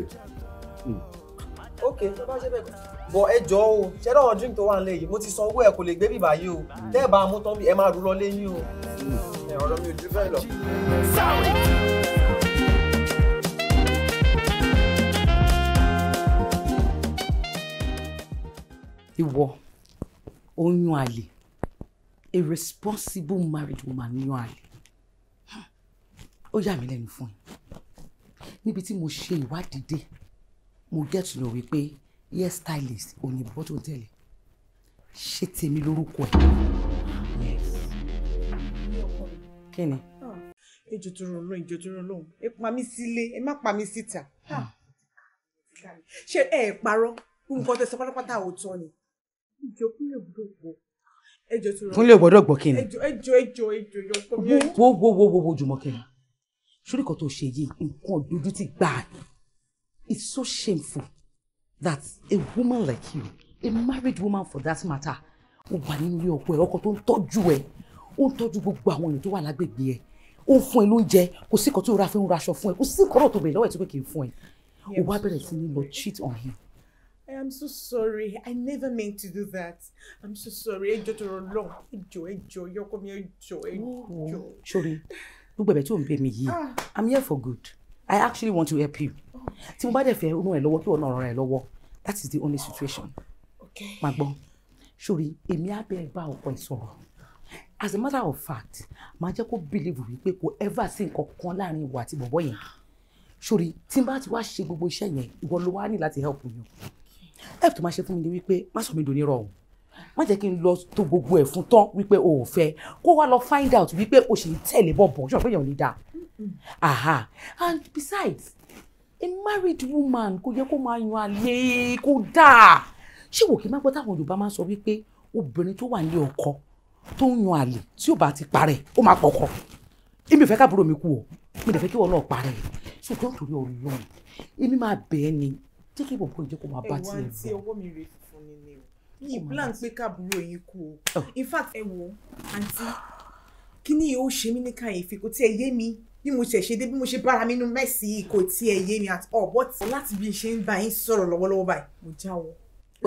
ókè hmm. tó bá ṣe bẹ́ẹ̀ bọ ẹ jọ o ṣé dáwọn drink tó wà nílẹ̀ yìí mo ti san owó ẹ kò lè gbé bíbá yìí o hmm. tẹ́ ẹ bá a mú tán bí ẹ máa rú lọ lẹ́yìn o. Hmm. ẹ ọ̀rọ̀ mi ò ju bẹ́ẹ̀ lọ. ìwọ oyún àlè a responsible married woman yan àlè ó yà mí lẹ́nu fún ẹ níbi tí mo ṣe ìwádìí dé mo get to know wípé hair stylist òní bọ́ tó ń tẹ̀lé ṣé tèmi lórúkọ ẹ. yes. kí ni. ejò tó rọ lóhùn ejò tó rọ lóhùn ẹ pa mí sílé ẹ má pa mí síta ṣé ẹ parọ́ nǹkan tẹsán pátápátá òótọ́ ni ìjọ kúnlẹ̀ gbọ́dọ̀ gbọ́ ẹjọ tó rọ kúnlẹ̀ gbọ́dọ̀ gbọ́ kí ni. ẹjọ ẹjọ ẹjọ ẹjọ yọkọ mi. wo wo wo wo jùmọ̀ kí sórí kan tó ṣe yìí nǹkan dúdú ti gbà it's so shameful that a woman like you a married woman for that matter ó wà nílé ọkọ ẹ ọkọ tó ń tọ́jú ẹ ó ń tọ́jú gbogbo àwọn èèyàn tó wà lágbègbè ẹ ó ń fún ẹ lóúnjẹ kò sí nǹkan tó ra fi ń raṣọ fún ẹ kò sí nǹkan náà tó bẹ̀rẹ̀ lọ́wọ́ ẹ tó pé kì í fún ẹ ó wá bẹ̀rẹ̀ sí ní lọ cheat on him. I am so sorry. I never meant to do that. I'm so sorry. Ẹjọ́ tó rọ lọ́hùn. Ẹjọ́ ẹjọ́ yọkọ mi ẹjọ́ ẹjọ́. Sori, gbogbo ẹ̀bẹ̀ tó ń bẹ̀ mí yìí ah. i'm here for good i actually want to help you tí mo bá dẹ̀ fẹ́ ràn ẹ́ lọ́wọ́ kí ọ̀nà ràn ẹ́ lọ́wọ́ that is the only situation má gbọ́ sórí èmi á bẹ̀ bá ọkọ ẹ̀ sọ̀rọ̀ as a matter of fact máa jẹ́ kó believe wípé kò ever sí nǹkan kan láàrin ìwà àti bọ̀bọ̀ yẹn sórí tí n bá ti wá ṣe gbogbo iṣẹ́ yẹn ìwọ ló wá ní láti help mi o help tó máa ṣe fún mi ni wípé má sọ mi dòní rọ o má jẹ́ kí n lọ tó gbogbo ẹ̀ fún tán wípé o ò fẹ́ kó wá lọ find out wípé o ṣì ń tẹ̀lé bọ̀bọ̀ ṣọ́ pé èèyàn lè dà. aha and besides a married woman kò yẹ kó máa yan àlè kó dáa ṣé wò kí n má gbọ́ táwọn Yorùbá máa ń sọ wípé obìnrin tó wà nílé ọkọ tó ń yan àlè tí ò bá ti parẹ́ ó máa pọ̀kọ̀ èmi ò fẹ́ káàbúrò mi kú o mi ò fẹ́ kí wọn náà parẹ́ ṣùgbọ́n torí Ọlọ́run èmi máa bẹ̀ẹ́ ni jẹ́ kí bọ̀bọ̀ ìjẹ́kọ̀ọ́ máa bá tiẹ̀ lọ. ẹ̀wọ̀n àti owó mi rè fún mi ni o mi plan pé káàbúrò yín kú o oh. in fact ẹ wo àǹtí kí ó ṣe mí ní kàyéfì kò tiẹ̀ yé mi bí mo ṣe ṣe dé bí mo ṣe bára mi nú mẹ́sì kò tiẹ̀ yé mi at all but láti bí n ṣe ń bá yín sọ̀rọ̀ lọ́wọ́lọ́wọ́ báyìí mo jáwọ́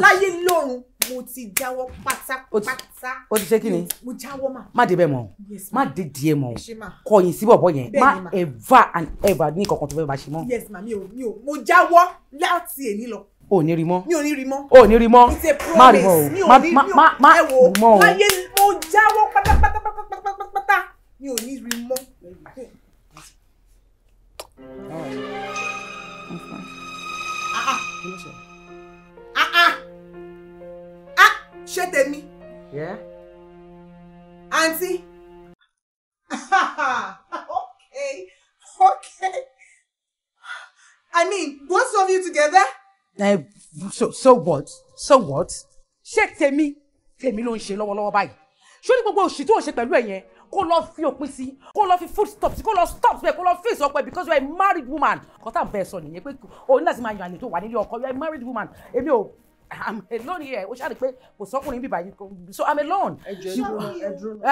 láyé lọ́run mo ti jáwọ́ pátápátá o ti ṣe kí ni mo jáwọ́ mà. má débẹ̀ mọ́ má dédì ẹ mọ́ kọ̀yìn sí bọ̀bọ̀ yẹn má ever and ever ní kankan tó fẹ́ bá ṣe mọ́. yes ma mi ò mi ò mo jáwọ́ láti èní lọ o ní rí mọ́ mi ò ní rí mọ́ o ní rí mọ́ má rí mọ́ o má má má má mọ́ o. láyé mo jáwọ́ pátápátápátápátá mi ò ní rí mọ́. ṣé tèmi àǹtí okay okay I mean both of you together. Eh, so so what so what ṣé tèmi tèmi ló ń ṣe lọ́wọ́lọ́wọ́ báyìí ṣó ní gbogbo òṣì tó ń ṣe pẹ̀lú ẹ̀ yẹn kó lọ fi òpin sí kó lọ fi food stops kó lọ stop bẹ́ẹ̀ kó lọ face ọpẹ because you are a married woman kò tá à ń bẹ̀ sọ nìyẹn pé o ní láti máa yan àlè wà nílé ọkọ you are a married woman èmi ò i'm alone here o ṣáà rí i pé kò sọkùnrin bíbá yìí so am alone. ẹ jẹ ẹdùnú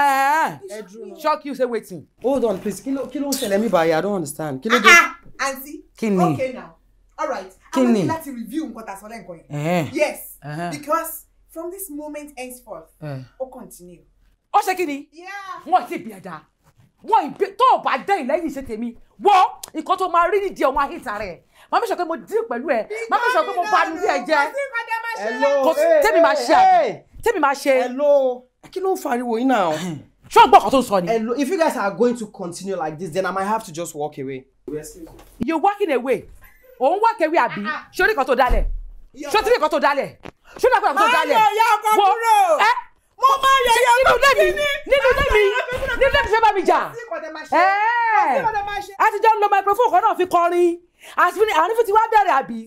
ẹdùnú shock you say wetin. hold on please kí ló kí ló ń ṣẹlẹ̀ mi báyìí i don't understand kí ló dé. àǹtí ah, ah, okay now Alright, right i'm ready láti review nǹkan tá a sọ lẹ́ǹkan yẹn yes because from this moment henceforth ó continue. ó ṣe kí ni wọn ti bí ẹ̀dá wọn ìbí tó o bá dẹ́ ìlẹ́yìn ṣe tèmi wọ nǹkan tó máa rí nídìí ọmọ àhìntà rẹ̀ máa mi sọ pé mo dín pẹ̀lú ẹ máa mi sọ pé mo bá nu bí ẹ jẹ kò sí tèmi máa ṣe tèmi máa ṣe. hello kí ló ń fariwo yín náà. ṣé o gbọ́ ọ̀kan tó sọ ni. if you guys are going to continue like this then i might have to just walk away. you walking away òun wá kẹwé àbí sórí ah, ah. kan tó dalẹ̀ sótìrì kan tó dalẹ̀ sódà kan tó dalẹ̀ wo ẹ mo máa yẹ yẹ kó kí ni nínú ilé mi nínú ilé mi fẹ́ bá mi jà ẹ a ti jọ ń lo microphone kan náà fi kọrin àti àrífi ti wá bẹ̀rẹ̀ àbí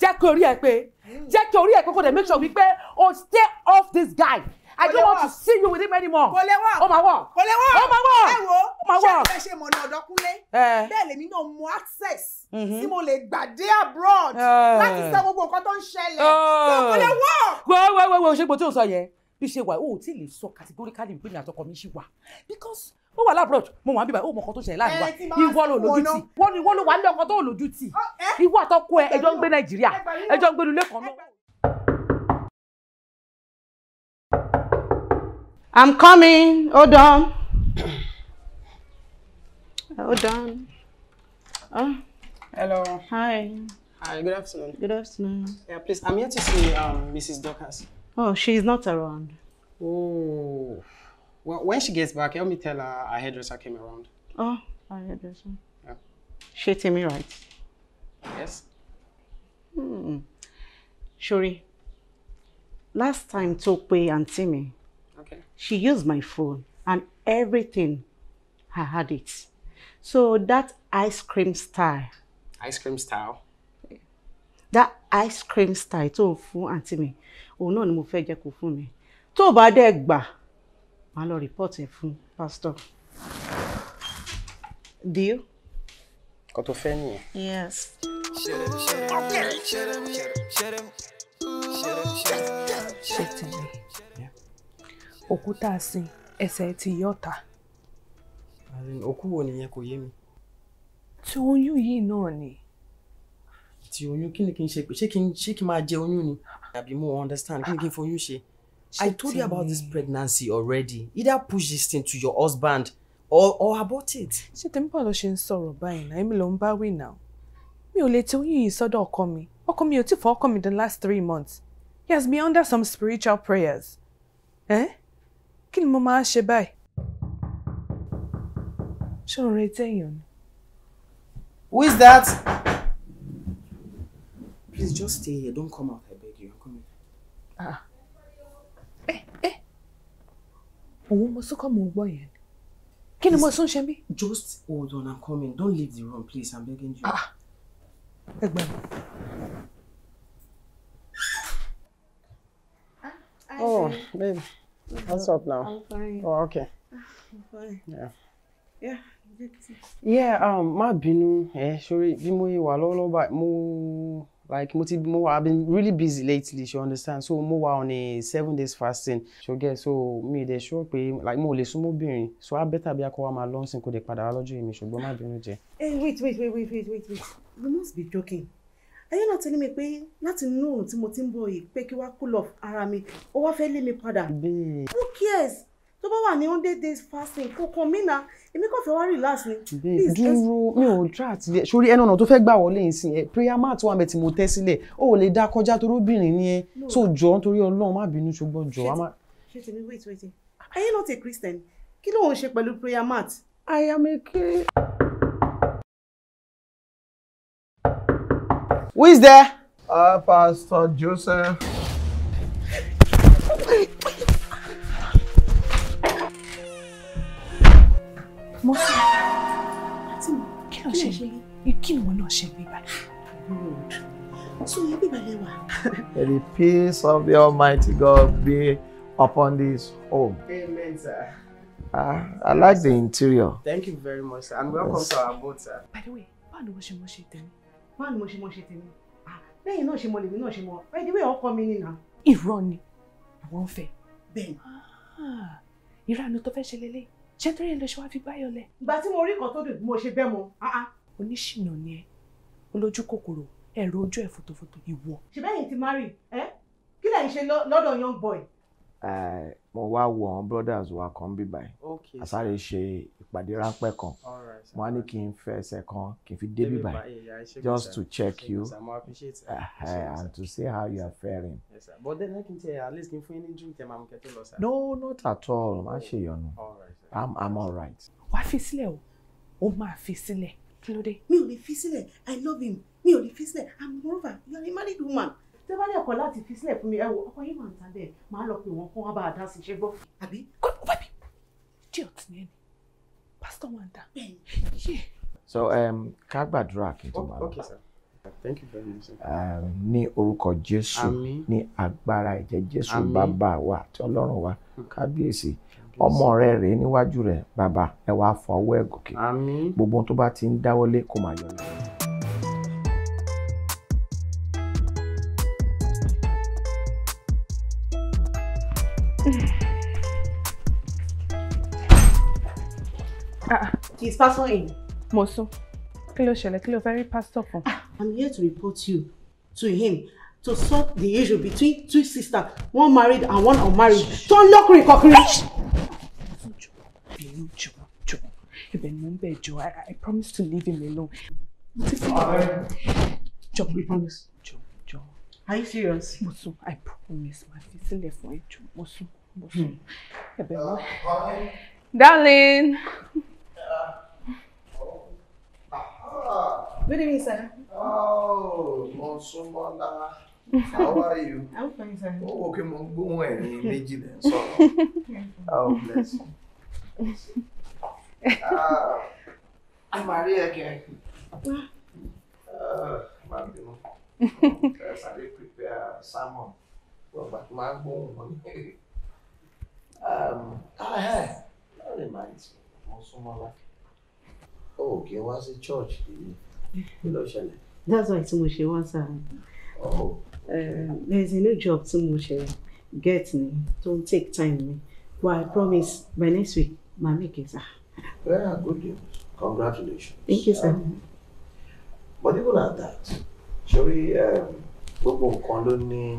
jẹ́ kí orí ẹ pé hmm. jẹ́ kí orí ẹ pé kó dẹ̀ make sure wípé o stay off this guy. I don't want to see you with him anymore. Kò lè wọ̀. Ó máa wọ̀. Kò lè wọ̀. Ó máa wọ̀. Ẹ wo. Ó máa wọ̀. Ṣé ẹ ṣe mọ̀nà ọ̀dọ́kúnlé? Eh. Bẹ́ẹ̀ lèmi náà mú access mm-hmm. tí mo lè gbà dé abroad eh. láti sọ gbogbo nǹkan tó ń ṣẹlẹ̀. Kò lè wọ̀. Eh. Wẹ́wẹ́wẹ́ ṣé gbogbo tí o sọ yẹn bí ṣe wà ó tí lè sọ categorically pé mi àtọkọ mi ṣì wà ó wà lábúrò mo wà bíbá ó mọ ọkọ tó ṣẹlẹ̀ láàrin ìwọ ló lójú tì wọn ni wọn ló wà ní ọkọ tó lójú tì ìwọ àtọkọ ẹ ẹjọ ń gbé Nàìjíríà ẹjọ ń gbé nulẹ kan náà. I'm coming. Hold on. Hold on. Oh. Hello. Hi. Hi, good afternoon. Good afternoon. Yeah, please, I'm here to see um, Mrs. Dockers. Oh, she's not around. Oh. Well, when she gets back, help me tell her a hairdresser came around. Oh, our hairdresser. Yeah. She tell me right. Yes. Hmm. Shuri, last time Tokwe and àǹtí Okay. She used my phone and everything. I had it. So that ice cream style. Ice cream style? That ice cream style tó fún àǹtí mi, òun náà ni mo fẹ́ jẹ́ kó fún mi. Tó o bá dẹ̀ gbà, màá report ẹ̀ fún pastor. Deal? Kò tó fẹ́ nìyẹn. Yes. Shut up, shut up, shut up, shut up, shut up, shut up, shut up, shut up òkúta sin ẹsẹ̀ ti yọ̀ta. òkú wo nìyẹn kò yé mi. ti oyún yìí náà ni. ti oyún kí ni kí n ṣe ṣé kí n ṣé kí n máa jẹ oyún ni. àbí mo understand kí ni kí n foyún ṣe. I told you about this pregnancy already. Either push this thing to your husband or, or abort it. Ṣé tèmi bá lọ ṣe ń sọ̀rọ̀ báyìí náà? Èmi ló ń bá wí náà. Mi ò lè ti oyún yìí sọ́dọ̀ ọkọ mi. Ọkọ mi ò tí fọ ọkọ mi the last three months. He has been under some spiritual prayers. Eh? kí ni mo máa ṣe báyìí ṣé òun retí èèyàn ni. Who is that? Please just stay here. Don't come out. I beg you. I'm coming. Ah. Eh, eh. Òun mo sún kọ́ mo gbọ́ yẹn. Kí ni mo sún ṣe mí? Just hold on. I'm coming. Don't leave the room, please. I'm begging you. Ah. Ẹgbẹ́ mi. Ah, oh, babe. What's up now? I'm fine. Oh, okay. Ah, I'm fine. Yeah. Yeah. Yeah, um, má binu. eh, sorry, bí mo wà lọ́wọ́lọ́wọ́ báyìí, mo like mo mo I've been really busy lately, you understand? So mo wa on a seven days fasting, so get so me the show pé like mo lè súnmọ́ binu. so I better be akọ wa máa lọ́nsìn kó dé padà wá lọ́jọ́ èmi ṣùgbọ́n Hey, eh, wait, wait, wait, wait, wait, wait, wait, you must be joking ẹ̀yin náà ti ní mi pé láti inú òrùn tí mo ti ń bọ̀ yìí pé kí wá cool off ara mi ó wá fẹ́ lé mi padà. who cares tó bá wà ní hundred days fasting kankan mina èmi kàn fẹ́ wá relax ni. bẹ́ẹ̀ dúró mi ò dra àti ẹ sórí ẹnu ọ̀nà tó fẹ́ gbà wọlé yìí sìn ẹ prayer mat wà mẹ́tì mo tẹ́ sílẹ̀ ó ò lè dá kọjá torí obìnrin ni ẹ so jọ nítorí ọlọ́run má bínú ṣùgbọ́n jọ. ṣe tèmi wait wait ẹ̀yin náà ti christian kí ló ń ṣe pẹ̀lú prayer mat. I am a Who is there? Uh, Pastor Joseph. May the peace of the Almighty God be upon this home. Amen, sir. Ah, I like the interior. Thank you very much, sir. And welcome yes. to our boat, sir. By the way, why ni wọ́n ṣe mọ́ ṣe báwo ni mo ṣe mọ ṣe tèmi ah, lẹ́yìn náà ṣe mọ lèmi náà ṣe mọ ẹ ní wẹ́ẹ̀ ọkọ mi nìyà. irọ́ ni àwọn ń fẹ́. bẹ́ẹ̀ ni. Ah, ìranu tó fẹ́ ṣe lélẹ̀ ṣé torí ẹ lọ ṣe wá fi báyọ̀ lẹ̀. ìgbà tí mo rí kan tó dùn mo ṣe bẹ́ mọ. Ah, oníṣìnà ni ẹ olójú kòkòrò ẹ̀rọ ojú ẹ̀ fòtòfòtò ìwọ. ṣe bẹ́yìn ti marry kí lẹ́yìn ṣe lọ́dọ̀ young boy mo wá wo àwọn brothers wa kan bí báyìí a sáré ṣe ìpàdé ráńpẹ́ kan mo á ní kí n fẹ́ ẹsẹ̀ kan kí n fi dé báyìí just to check you uh, and to see how you are faring. Yes, but then eh, kí n tẹ at least kí n fún drink ẹ máa mú no not at all má oh. ṣe yọnu i'm i'm alright. wàá fi sílẹ̀ o ó máa fi sílẹ̀ kí ló dé. mi ò lè fi sílẹ̀ i love him mi ò lè fi sílẹ̀ i'm moreover you are a married woman. Mm -hmm tẹ bá dẹ̀ kọ́ láti fi sílẹ̀ fún mi ẹ wo ọkọ yìí wà ń ta bẹ́ẹ̀ máa lọ pé wọ́n kọ́ wá bá a dá sí ṣe gbọ́. àbí kó o bá bí idiot ni ẹni pásítọ̀ wà ń ta. so um, ká gbàdúrà kí n tó máa lọ. Thank you very much. Um, ní orúkọ Jésù ní agbára ẹ̀jẹ̀ Jésù bàbá wa àti Ọlọ́run wa kábíyèsí ọmọ rẹ rèé níwájú rẹ bàbá ẹ wàá fọwọ́ ẹ̀ gòkè gbogbo ohun tó bá ti ń dáwọ́lé kó máa yọ lọ. Ah. kì í pásọ yìí. mo sún kí ló very kí ló ah, i'm here to report you to him to sort the issue between two sisters one married and one unmarried tó ń lọ́kùnrin kọkùnrin. bínú jọ jọ ibẹ̀ ni mo ń bẹ̀ i promise to leave him alone. mo ti Joe, jọ promise jọ jọ. are you serious. mo i promise ma fi sílẹ̀ fún ẹjọ́ mo sún mo hmm. darling. Good evening, sir. Oh, Monsumala. How are you? I'm fine, sir. Oh, okay, mon, gbóhùn ẹ̀ ní méjì lẹ́ ń Oh, bless you. Ah, I'm Maria again. Ah, máa bínú. Ẹ sáré prepare salmon. Wọ́n bá tó máa gbóhùn um, Ah, hey, that reminds me, Monsumala. Oh, okay, wá sí church. Did you? that's why tí mo ṣe wá sáà oh. eh, there is a new job too mo get me, don't take time me. but i promise by next week my make it sir. Ah. well good news congratulations. thank you sir. Um, but even at that shall we go ló ní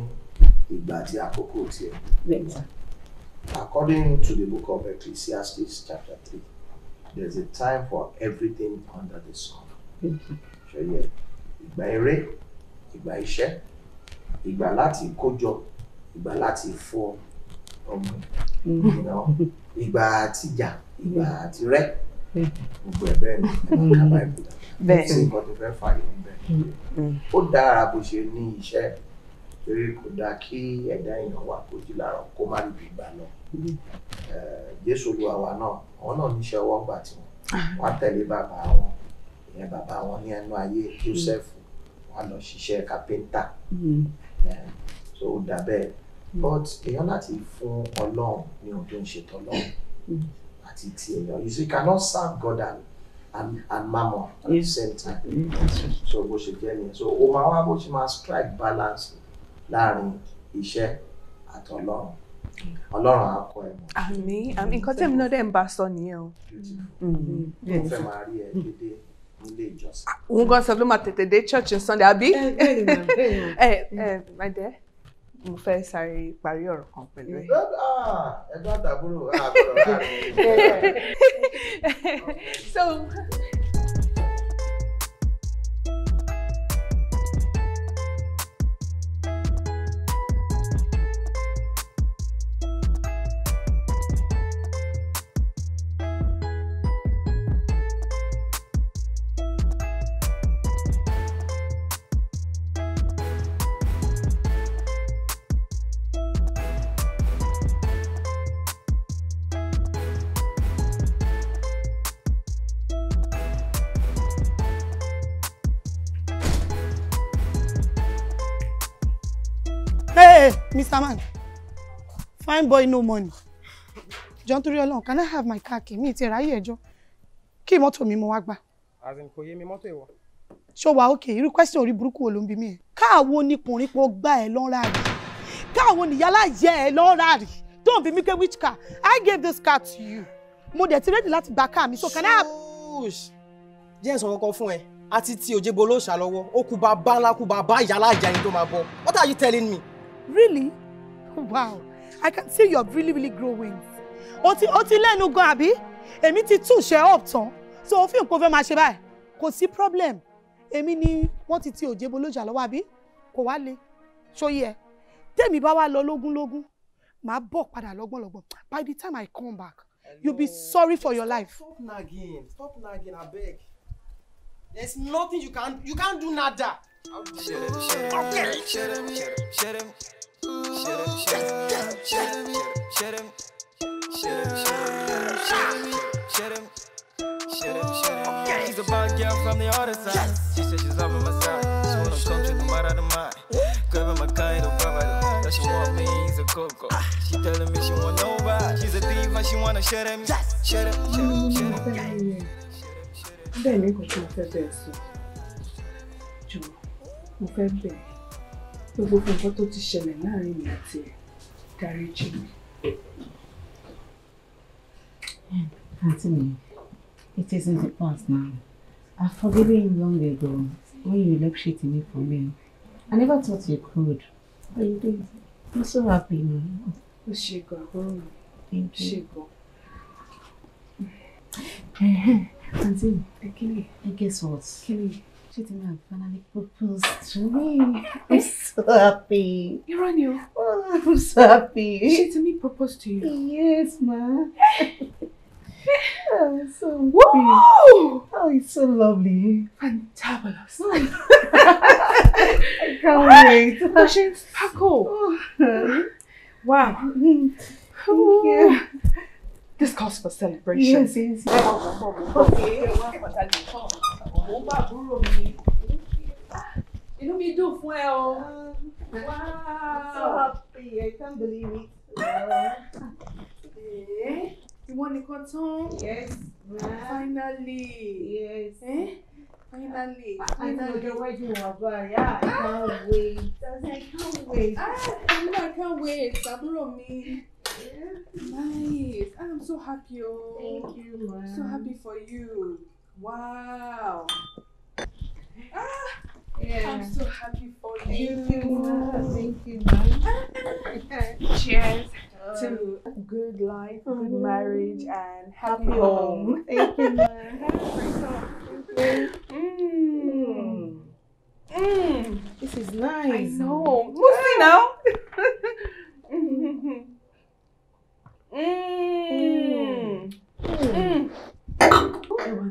ìgbà àti àkókò tiẹ̀. according to the book of ecclesiastes chapter three there is a time for everything under the sun méjì ṣẹyẹ ìgbà eré ìgbà iṣẹ́ ìgbà láti kójọ ìgbà láti fọ ọmọ mm-hmm. ìgbà àtìjà ìgbà mm-hmm. àtìrẹ mm-hmm. gbogbo ẹ bẹ́ẹ̀ ni ẹ máa kábàá ìbùdó bẹ́ẹ̀ sí nǹkan tó fẹ́ fà yìí bẹ́ẹ̀ ó dára bó ṣe ní iṣẹ́ torí kò dáa kí ẹ̀dá èèyàn wà kó jí láàárọ̀ kó má rí gbígbà lọ eh, Jésù Olúwa wa náà àwọn náà níṣẹ́ ọwọ́ gbà tiwọn ah. wọ́n á tẹ̀lé bàbá wọn ìyẹn bàbá wọn ní ẹnu ayé Joseph wọn lọ ṣiṣẹ́ kápẹ́ńtà mm. so ó dà bẹ́ẹ̀ mm. but èèyàn láti fún Ọlọ́run ní ohun tó ń ṣe mm. àti ti èèyàn you see cannot serve God and and, mama at the same time so bó ṣe jẹ́ nìyẹn so ó máa wá bó ṣe máa strike balance láàrin iṣẹ́ àtọlọ́run ọlọ́run á kọ́ ẹ mọ̀. àmín àmín nǹkan tẹ̀mí náà dẹ̀ ń bá sọ nìyẹn o. mo fẹ́ máa rí ẹ dédé nílé ìjọsìn. òun gan sọ ló máa sunday Abi, ẹ ẹ my dear mo fẹ́ sáré parí ọ̀rọ̀ kan pẹ̀lú ẹ. ẹgbẹ́ àtàbúrò àbúrò láàrin. so. Mr. Man, fine boy no money. John torí Ọlọ́run, can I have my car key? Mi ti ráyè ẹjọ́. Kí mọ́tò mi mo wá gbà. As in kò yé mi mọ́tò ìwọ. Ṣó wa okay, You request your burúkú olumbi mi. ń wo mí ẹ̀? Káàwo ni kùnrin pọ̀ gbà ẹ̀ lọ́ra rí? ni yala yẹ ẹ̀ lọ́ra rí? Don't be me pé which car? I gave this car to you. Mo dẹ̀ ti ready láti gba car so can I have... Jẹ́ ìsọ̀rọ̀ kan fún ẹ àti ti oje bolo shalowo. ó kú bá bá ńlá kú bá bá ìyá alájà yín tó What are you telling me? Really? Wow. I can see you are really, really growing. O ti o ti lẹ́nu gan àbí? Èmi ti túṣẹ́ up tán. So o fi nǹkan fẹ́ máa ṣe báyìí. Kò sí problem. Èmi ni wọ́n ti ti òjebo lójà lọ́wọ́ àbí? Kò wá le. Ṣóyí ẹ. Tèmi bá wá lọ lógún lógún. Màá bọ̀ padà lọ́gbọ̀nlọ́gbọ̀n. By the time I come back, Hello. you'll be sorry for your life. Stop nagging. Stop nagging, abeg. There's nothing you can you can't do nada. Okay. She's a bad girl from the other side. She said she's loving my style. She wanna come to the matter of mine. Grabbing my kind of brother. That she want me, he's a coco. She telling me she want nobody. She's a diva, she wanna shut him. Shut him, shut him, shut him. Bẹ́ẹ̀ ni kò tún fẹ́ bẹ́ẹ̀ sùn. Jọ̀wọ́, mo fẹ́ bẹ́ẹ̀. gbogbo nǹkan tó ti ṣẹlẹ̀ láàrin mi àti ẹ̀ dárí jì mí. àǹtí mi it is in the past now I forgive you long ago when you left shit me for me I never thought you could but you did I'm so happy now. ó ṣe gan àbúrò mi ṣe gan. àǹtí mi ẹ kí ni ẹ guess what. kí ni. She Cheating me have finally proposed to me. I'm so happy. You're on you. Oh, I'm so happy. She Cheating me proposed to you. Yes, ma. oh, so Whoa! Happy. Oh, it's so lovely. Fantabulous. I can't wait. Russian sparkle. Oh. Wow. Thank you. This calls for celebration. Yes, yes, yes. Okay. mò ń bàbúrò mi inú mi dùn fún ẹ o. wow so happy i can't believe it. ìwọ nìkan tán. yes finally. yes. Eh? Finally. I know the wedding was but yeah, I can't ah. wait. I can't wait. Ah, I can't wait. Àbúrò mi. Yeah. Nice. Ah, I'm so happy. Oh. Thank you, man. So happy for you. Wow. Ah, yeah. I'm so happy for thank you. you. Thank you. Ah. Cheers uh, to good life, mm -hmm. good mm-hmm. marriage, and happy home. home. Thank you. man. Mm. This is nice. I know. Mostly ah. now. Mm. Mm. Mm. mm. Hmm? Hmm?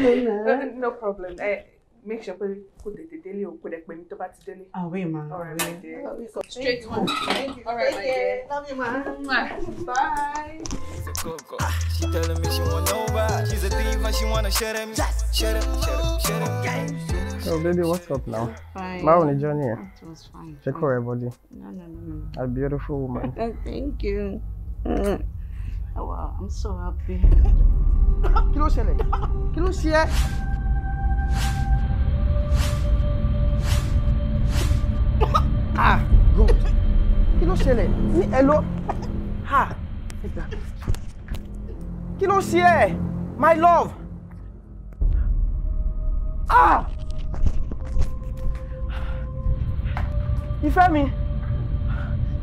Eh. no problem eh, make sure pé kò tètè délé o kò dẹ̀ pè mí tó bá ti délé. àwẹ̀ ma ọ̀rẹ́ mi straight one ọ̀rẹ́ mi dé love you man. bye. She telling me she want nobody. She's a diva. She wanna shut him, shut him, shut him, shut him. Oh, baby, what's up now? Fine. How was journey? It was fine. Check fine. everybody. No, no, no, no. A beautiful woman. Thank you. Oh, wow, I'm so happy. Kí ló ṣẹlẹ̀? Kí Ah, good. Kí ló Me, Ní ẹ̀lọ́. Ha! Kí ló My love! Ah! ìfẹ́ mi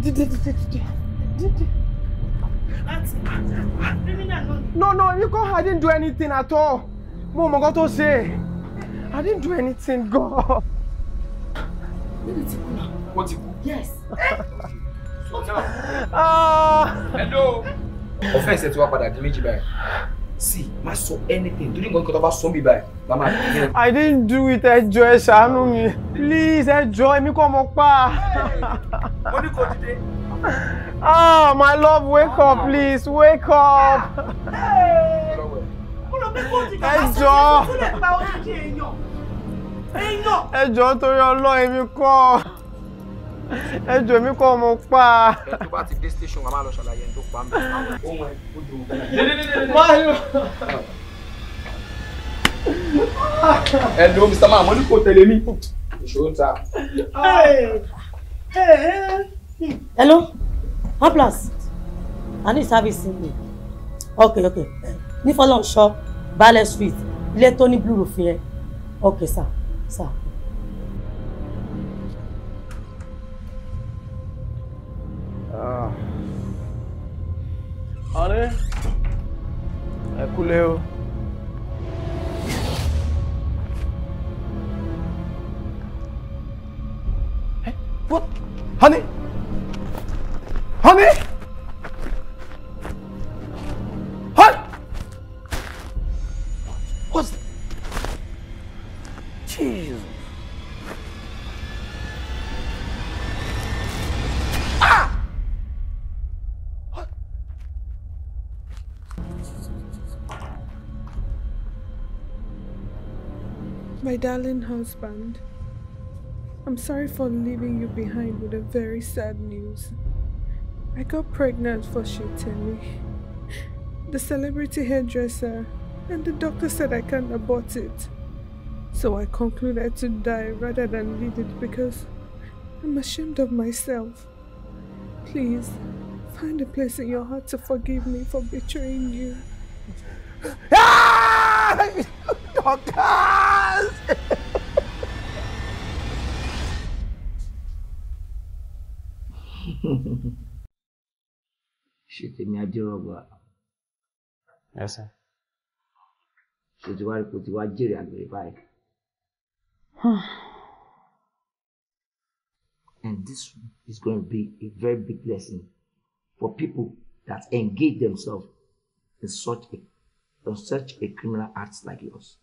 dìde dìde dìde dìde. no no you go i didn't do anything at all mo mọ nǹkan tó ṣe i didn't do anything Go. níbi tí kú náà. wọ́n ti kú. yes. Ah. hello. ọ̀fẹ́ ìṣẹ́ tí wàá padà di méjì báyìí see má sọ anything torí nǹkan tó bá sọ mi báyìí la máa bí yẹn. i didn't do it ẹjọ ẹ ṣàánú mi please ẹjọ èmi kò mọ pa. mo ní kò dìde. ah my love wake up please wake up. ẹjọ ẹjọ torí ọlọ́ọ̀ èmi kọ́ ẹ jọ mi kọ́ ọmọ pa. ẹ tó bá ti dé station wa máa lọ ṣàlàyé ẹni tó pa mi. ẹ ló mr man mo ní kò tẹ̀lé mi. ìṣòro ta. hello ambulance i need service in me okay okay ní fọlọ́nṣọ́ balẹ̀ street ilé tó ní blue roof yẹn okay sir sir. अरे खुले हो है? What? Honey? Honey? My darling husband, I'm sorry for leaving you behind with a very sad news. I got pregnant for Shitemi, the celebrity hairdresser, and the doctor said I can't abort it. So I concluded to die rather than leave it because I'm ashamed of myself. Please, find a place in your heart to forgive me for betraying you. Ah! Dorcas! ṣètèmi adérọgbà. ẹ sẹ. ṣètìwárí kò ti wá jèrè àgbèrè báyìí. And this is going to be a very big lesson for people that engage themselves in such a from such a criminal act like yours.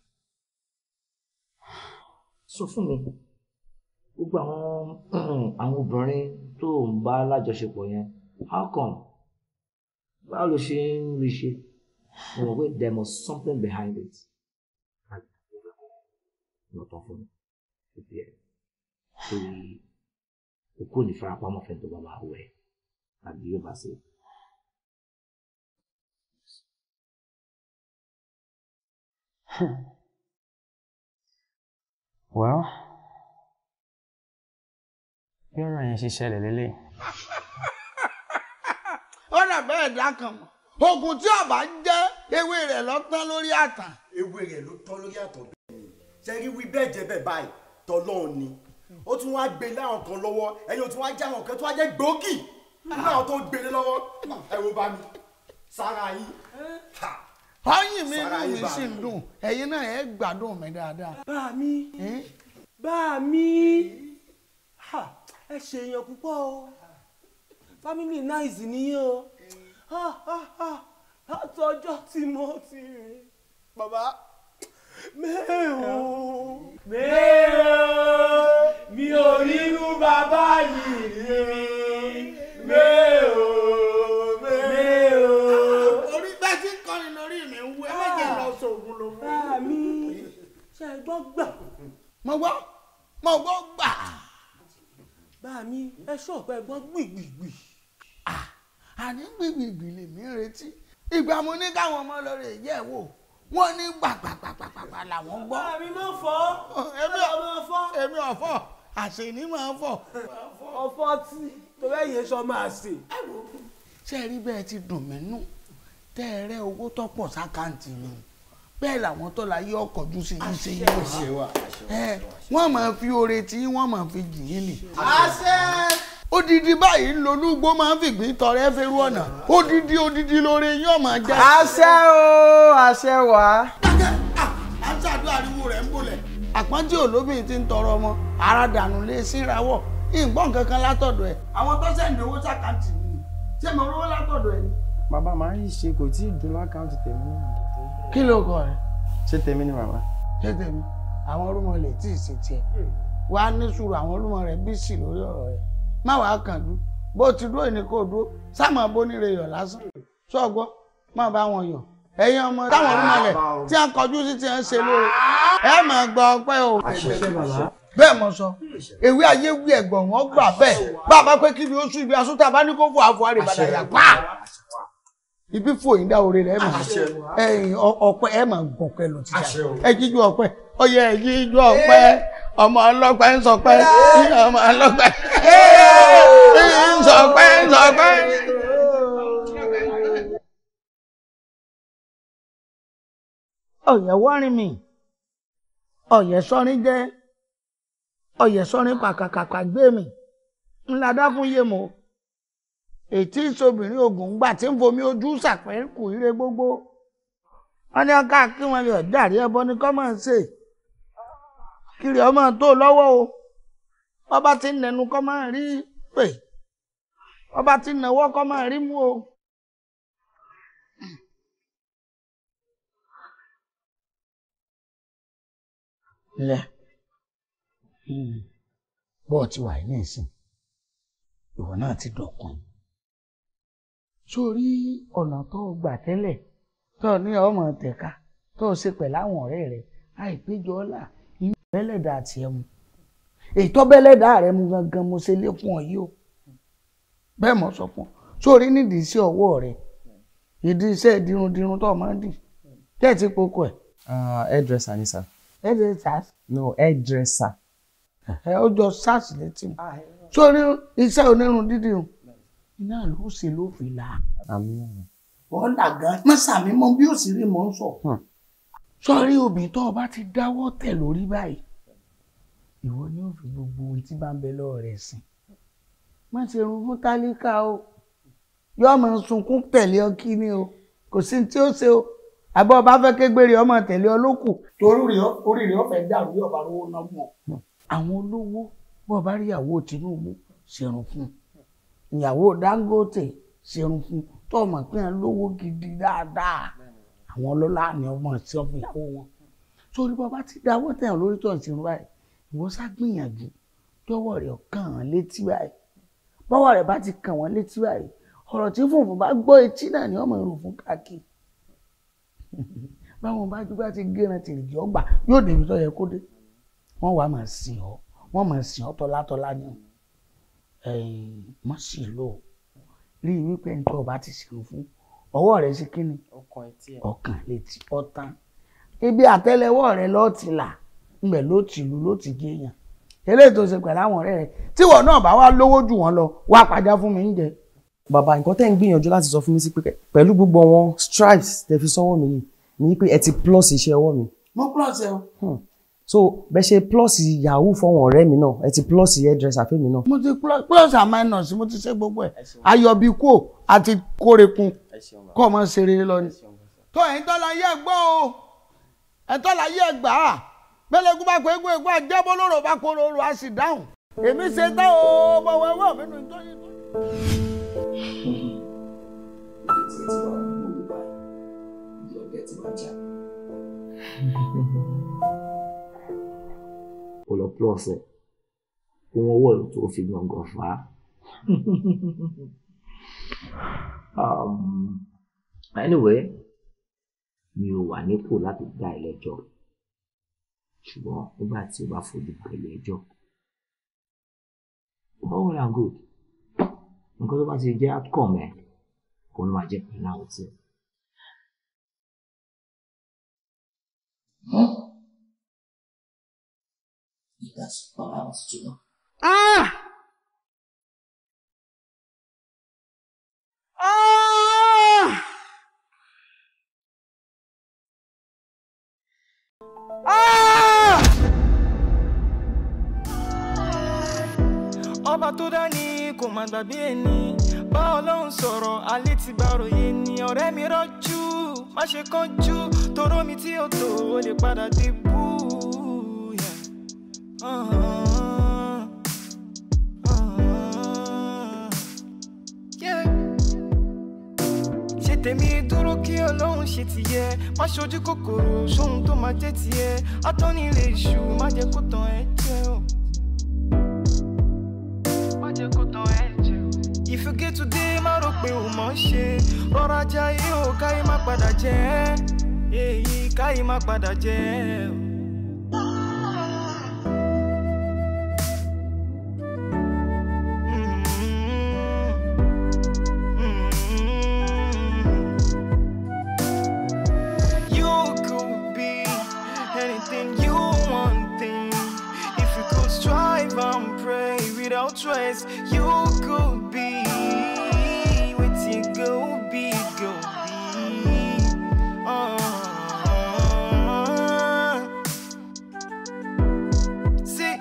So fún mi gbogbo àwọn àwọn obìnrin tó ń bá lájọṣepọ̀ yẹn how come báwo ló ṣe ń rí ṣe mo mọ̀ pé there must something behind it àti lọ́tọ̀ fún mi ìdí ẹ̀ torí okó ní farapamọ́ fẹ́ tó bá máa wẹ̀ àbí yóò bá ṣe é. Hmm. well bí ọ̀rọ̀ yẹn ṣe ṣẹlẹ̀ lélẹ̀. ó rà bẹ́ẹ̀ dákan mọ́ oògùn tí ọba ń jẹ́ ewé rẹ̀ ló tán lórí àtàn. ewé rẹ̀ ló tán lórí àtàn bẹ́ẹ̀ ni ṣe rí wí bẹ́ẹ̀ jẹ́ bẹ́ẹ̀ báyìí tọ́lọ́ọ̀ ni ó tún wá gbé láwọn kan lọ́wọ́ ẹ̀yin ò tún wá já àwọn kan tó wá jẹ́ gbòógì nínú tó ń gbélé lọ́wọ́ ẹ wo bá mi sára yín ọyìn mi inú mi sì ń dùn ẹ̀yin náà ẹ gbádùn mi dáadáa. bá mi bá mi ẹ ṣe èèyàn púpọ̀ o family nice nìyẹn o láti ọjọ́ tí mo ti rìn bàbá mẹ́ẹ̀ọ́ mẹ́ẹ̀ọ́ mi ò rí inú bàbá yìí rí mẹ́ẹ̀ọ́. ṣe é gbọ́ gbà mọ gbọ́ mọ gbọ́ gbà bá mi ẹ ṣọ̀pẹ́ gbọ́ gbìgbìgbì àní gbìgbìgbì lèmi ń retí ìgbà mo ní káwọn ọmọ lọ́rọ̀ èyí ẹ̀ wò wọ́n ní gbàgbàgbàgbà làwọn gbọ́. èmi máa fọ́ èmi máa fọ́ èmi ọ̀fọ́ àṣẹ ni máa fọ́. ọ̀fọ́ tí torí ẹ̀yẹ sọ máa ṣe. ṣé ẹ rí bẹ́ẹ̀ ti dùn mí nù tẹ́ ẹ rẹ́ owó tó pọ̀ sákàǹtì mi bẹ́ẹ̀ làwọn tó la yọ ọkọ̀jú sí yín ṣe yín wà wọ́n máa fi oore tí wọ́n máa fi jì yín nì. odidi báyìí ń lolúgbó máa ń fìgbín tọrẹ fẹ́rù ọ̀nà odidi odidi lóore yóò máa jẹ́. àṣẹ o àṣẹ wá. àṣẹ àdó ariwo rẹ̀ ń bolẹ̀. àpọ́njẹ́ olóbìnrin ti ń tọrọ ọmọ ara dànù lé sírawọ̀ ìgbọ́n kankan látọ̀dọ̀ ẹ̀. àwọn tó sẹ́ni owó sàkáǹtì mi ṣé mo rówó látọ̀dọ̀ ẹ̀ ni. bàbá màá yìí ṣe kò tí ì dún lákàǹtì tèmi kí ló kọ rẹ. ṣé tèmi ni màmá. ṣé tèmi àwọn orúmọ lè tí ì ṣe tiẹ̀ hmm. wà á ní sùúrù àwọn orúmọ rẹ bí sì lórí ọ̀rọ̀ rẹ má wàá kàn dú bó ti dúró ní kó dúró sáàmù abóníire yọ lásán sọgbọ má bá wọn yọ ẹ̀yin ọmọ táwọn orúmọ rẹ tí a kọjú sí ti ń ṣe lóore ẹ máa gbọ́ ọpẹ́ o bẹ́ẹ̀ mọ̀ sọ ewé ayé wí ẹ̀gbọ̀n wọn gbà bẹ́ẹ̀ bá a bá pé kí ni ó sùn ibi asúntà bá ní kó fò àfọ àrèbàdà yàgbá. ibi fún òyìnbá oore rẹ mà ọpẹ ẹ gbọpẹ lọ títà ẹ ọpẹ ọyẹ ẹ ọpẹ eh. ọmọ ọlọpẹ nsọpẹ eh. ọmọ ọlọpẹ nsọpẹ eh. nsọpẹ. ọyẹ sọpẹ. mi sọrin jẹ ọyẹ sọrin pàkàkàkà gbé mi ńlá ètí ìsobìnrin ogun gbà tí ń fomi ojú sàpẹ́kù ire gbogbo wọn ní ọkà kí wọn yọ dàrí ẹbọ ní kọ́ máa ń ṣe kiri ọmọ tó lọ́wọ́ o bàbá ti ń nẹnu kọ́ máa rí pè bàbá ti ń nàwọ́ kọ́ máa rí mú o. lẹ hmm. bọ́ọ̀ ti wà ní ìsìn ìwọ náà ti dọ̀kun sórí ọ̀nà tó o gbà tẹ́lẹ̀ tó o ní ọmọ tẹ̀ka tó o ṣe pẹ̀ láwọn ọ̀rẹ́ rẹ àìpéjọ ọ̀la inú bẹ́lẹ̀dà àti ẹ̀mú èyí tó bẹ́lẹ̀dà rẹ mu gangan mo ṣe lékún ọ yìí o bẹ́ẹ̀ mọ̀ sọ fún ọ sórí nídìí iṣẹ́ ọwọ́ rẹ ìdí iṣẹ́ dirundirun tó o máa ń dì tẹ́ ẹ̀ ti pokò ẹ̀. hairdresser ni sir. hairdresser. no hairdresser. ẹ ó jọ sars létí mi sórí iṣẹ́ onírun dídì o iná ló ṣe ló fi là. ọ̀là gan mọ́sàmí mọ bí òṣèré mọ́ ń sọ. Hmm. sọ́rí obìnrin tó o bá ti dáwọ́ tẹ̀ lórí báyìí ìwọ ni ó fi gbogbo ohun tí bá ń bẹ lọ́wọ́ rẹ̀ sìn. má ṣe run fún tálíkà o yóò máa sunkún tẹ̀lé ọ kí o kò sí tí ó ṣe o àbọ̀ ọba fẹ́ kégbére ọmọ tẹ̀lé ọ lókù. torí orí rẹ̀ ọ̀fẹ́ dàrú yóò bá rówó náà mọ̀. Hmm. àwọn olówó bọ́ọ̀ bá rí àwo Tinubu ṣèrùn fún un ìyàwó Dangote ṣeun fún tó pé ẹ lówó gidi dáadáa àwọn ọlọ́lá ni ọmọ tí wọ́n fi yàwó wọn sórí bàbá ti dáwọ́ tẹ̀yàn lórí tó ṣe irun báyìí ìwọ sá gbìyànjú tọwọ́ rẹ̀ kàn án létí báyìí bọ́wọ́ rẹ̀ bá ti kàn wọ́n létí báyìí ọ̀rọ̀ tí fùnfùn bá gbọ́ etí náà ni ọmọ ìrùn fún káàkiri báwọn bá dúpẹ́ ti gẹ́ran tìrìjì ọgbà yóò débi tó yẹ kó dé wọ́n wàá máa sìn ọ́ wọ́n máa sìn ọ́ tọ́látọ́lá ni ọ́ má sì lò rí i wípé ẹni tó o bá ti ṣerun fún ọwọ́ rẹ̀ sí kínni ọkàn létí ọ̀tán ibi àtẹ́lẹwọ́ rẹ̀ lọ́ọ́ ti là ńbẹ̀ ló ti lu ló ti géèyàn eléyìí tó ṣe pẹ̀lú àwọn ọ̀rẹ́ rẹ̀ tíwọ̀ náà bá wá lówó jù wọ́n lọ wá pàjá fún mi ń jẹ. bàbá nǹkan tẹ́ ń gbìyànjú láti sọ fún mi sí pé pẹ̀lú gbogbo àwọn stripes tẹ́ fi sọ́wọ́ mi yìí ni pé ẹ ti plus iṣẹ́ ọwọ́ mi. mo plus ẹ o. Hmm so bẹ ṣe plus yahoo fọwọn ọ̀rẹ́ mi náà ẹ ti plus hairdresser fẹmi náà. mo ti plus and minus mo ti ṣe gbogbo ẹ ayọbi kò àti kórèkun kọ ọmọ ṣeré lọ ni. tó ẹ̀yin tọ́lá yẹ gbọ́ o ẹ̀ tọ́lá yẹ gbà á pẹlẹgùn bá pé egun egun àjẹbọ lóró bá kó lóró a sì dáhùn èmi ṣe tán o ọmọ wẹwẹ mi nù tó yín. Thank you. lo plọsẹ̀ kó wọ́n wọ̀ tó fi gbọ̀ngàn fà á. Um, anyway mi ò wà nípò láti dá ẹ lẹ́jọ́ ṣùgbọ́n nígbà tí o bá fojú pẹ̀lú ẹjọ́ all and good nǹkan tó bá ti jẹ́ outcome ẹ̀ kò ní máa jẹ́ penalty. Huh? that's what I wanted to know. Ah! Ah! Ah! Ọba tó dá ni kò má gbàgbé ẹni. Bá Ọlọ́run sọ̀rọ̀, alẹ́ ti gbàrò yé ni. Ọ̀rẹ́ mi rọ́jú, má ṣe kánjú. Toró mi tí ó tò ó lè padà dé bú. Uh-huh. Uh-huh. tèmi dúró kí ọlọ́run ṣe tìyẹ má ṣojú kòkòrò sóhun tó máa jẹ́ tìyẹ atọ́ni lè ṣù má jẹ́ kó tàn ẹ́ jẹ́ o. má jẹ́ kó tàn ẹ́ jẹ́ o. If you get today má rò pé o mọ̀ ṣe rọra jayé o káyé má padà jẹ́ èyí káyé má padà jẹ́ o. place you could be with you go be, go be oh. See,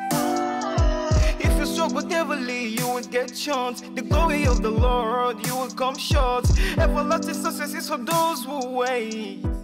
if you struggle heavily you will get chance The glory of the Lord you will come short Everlasting success is for those who wait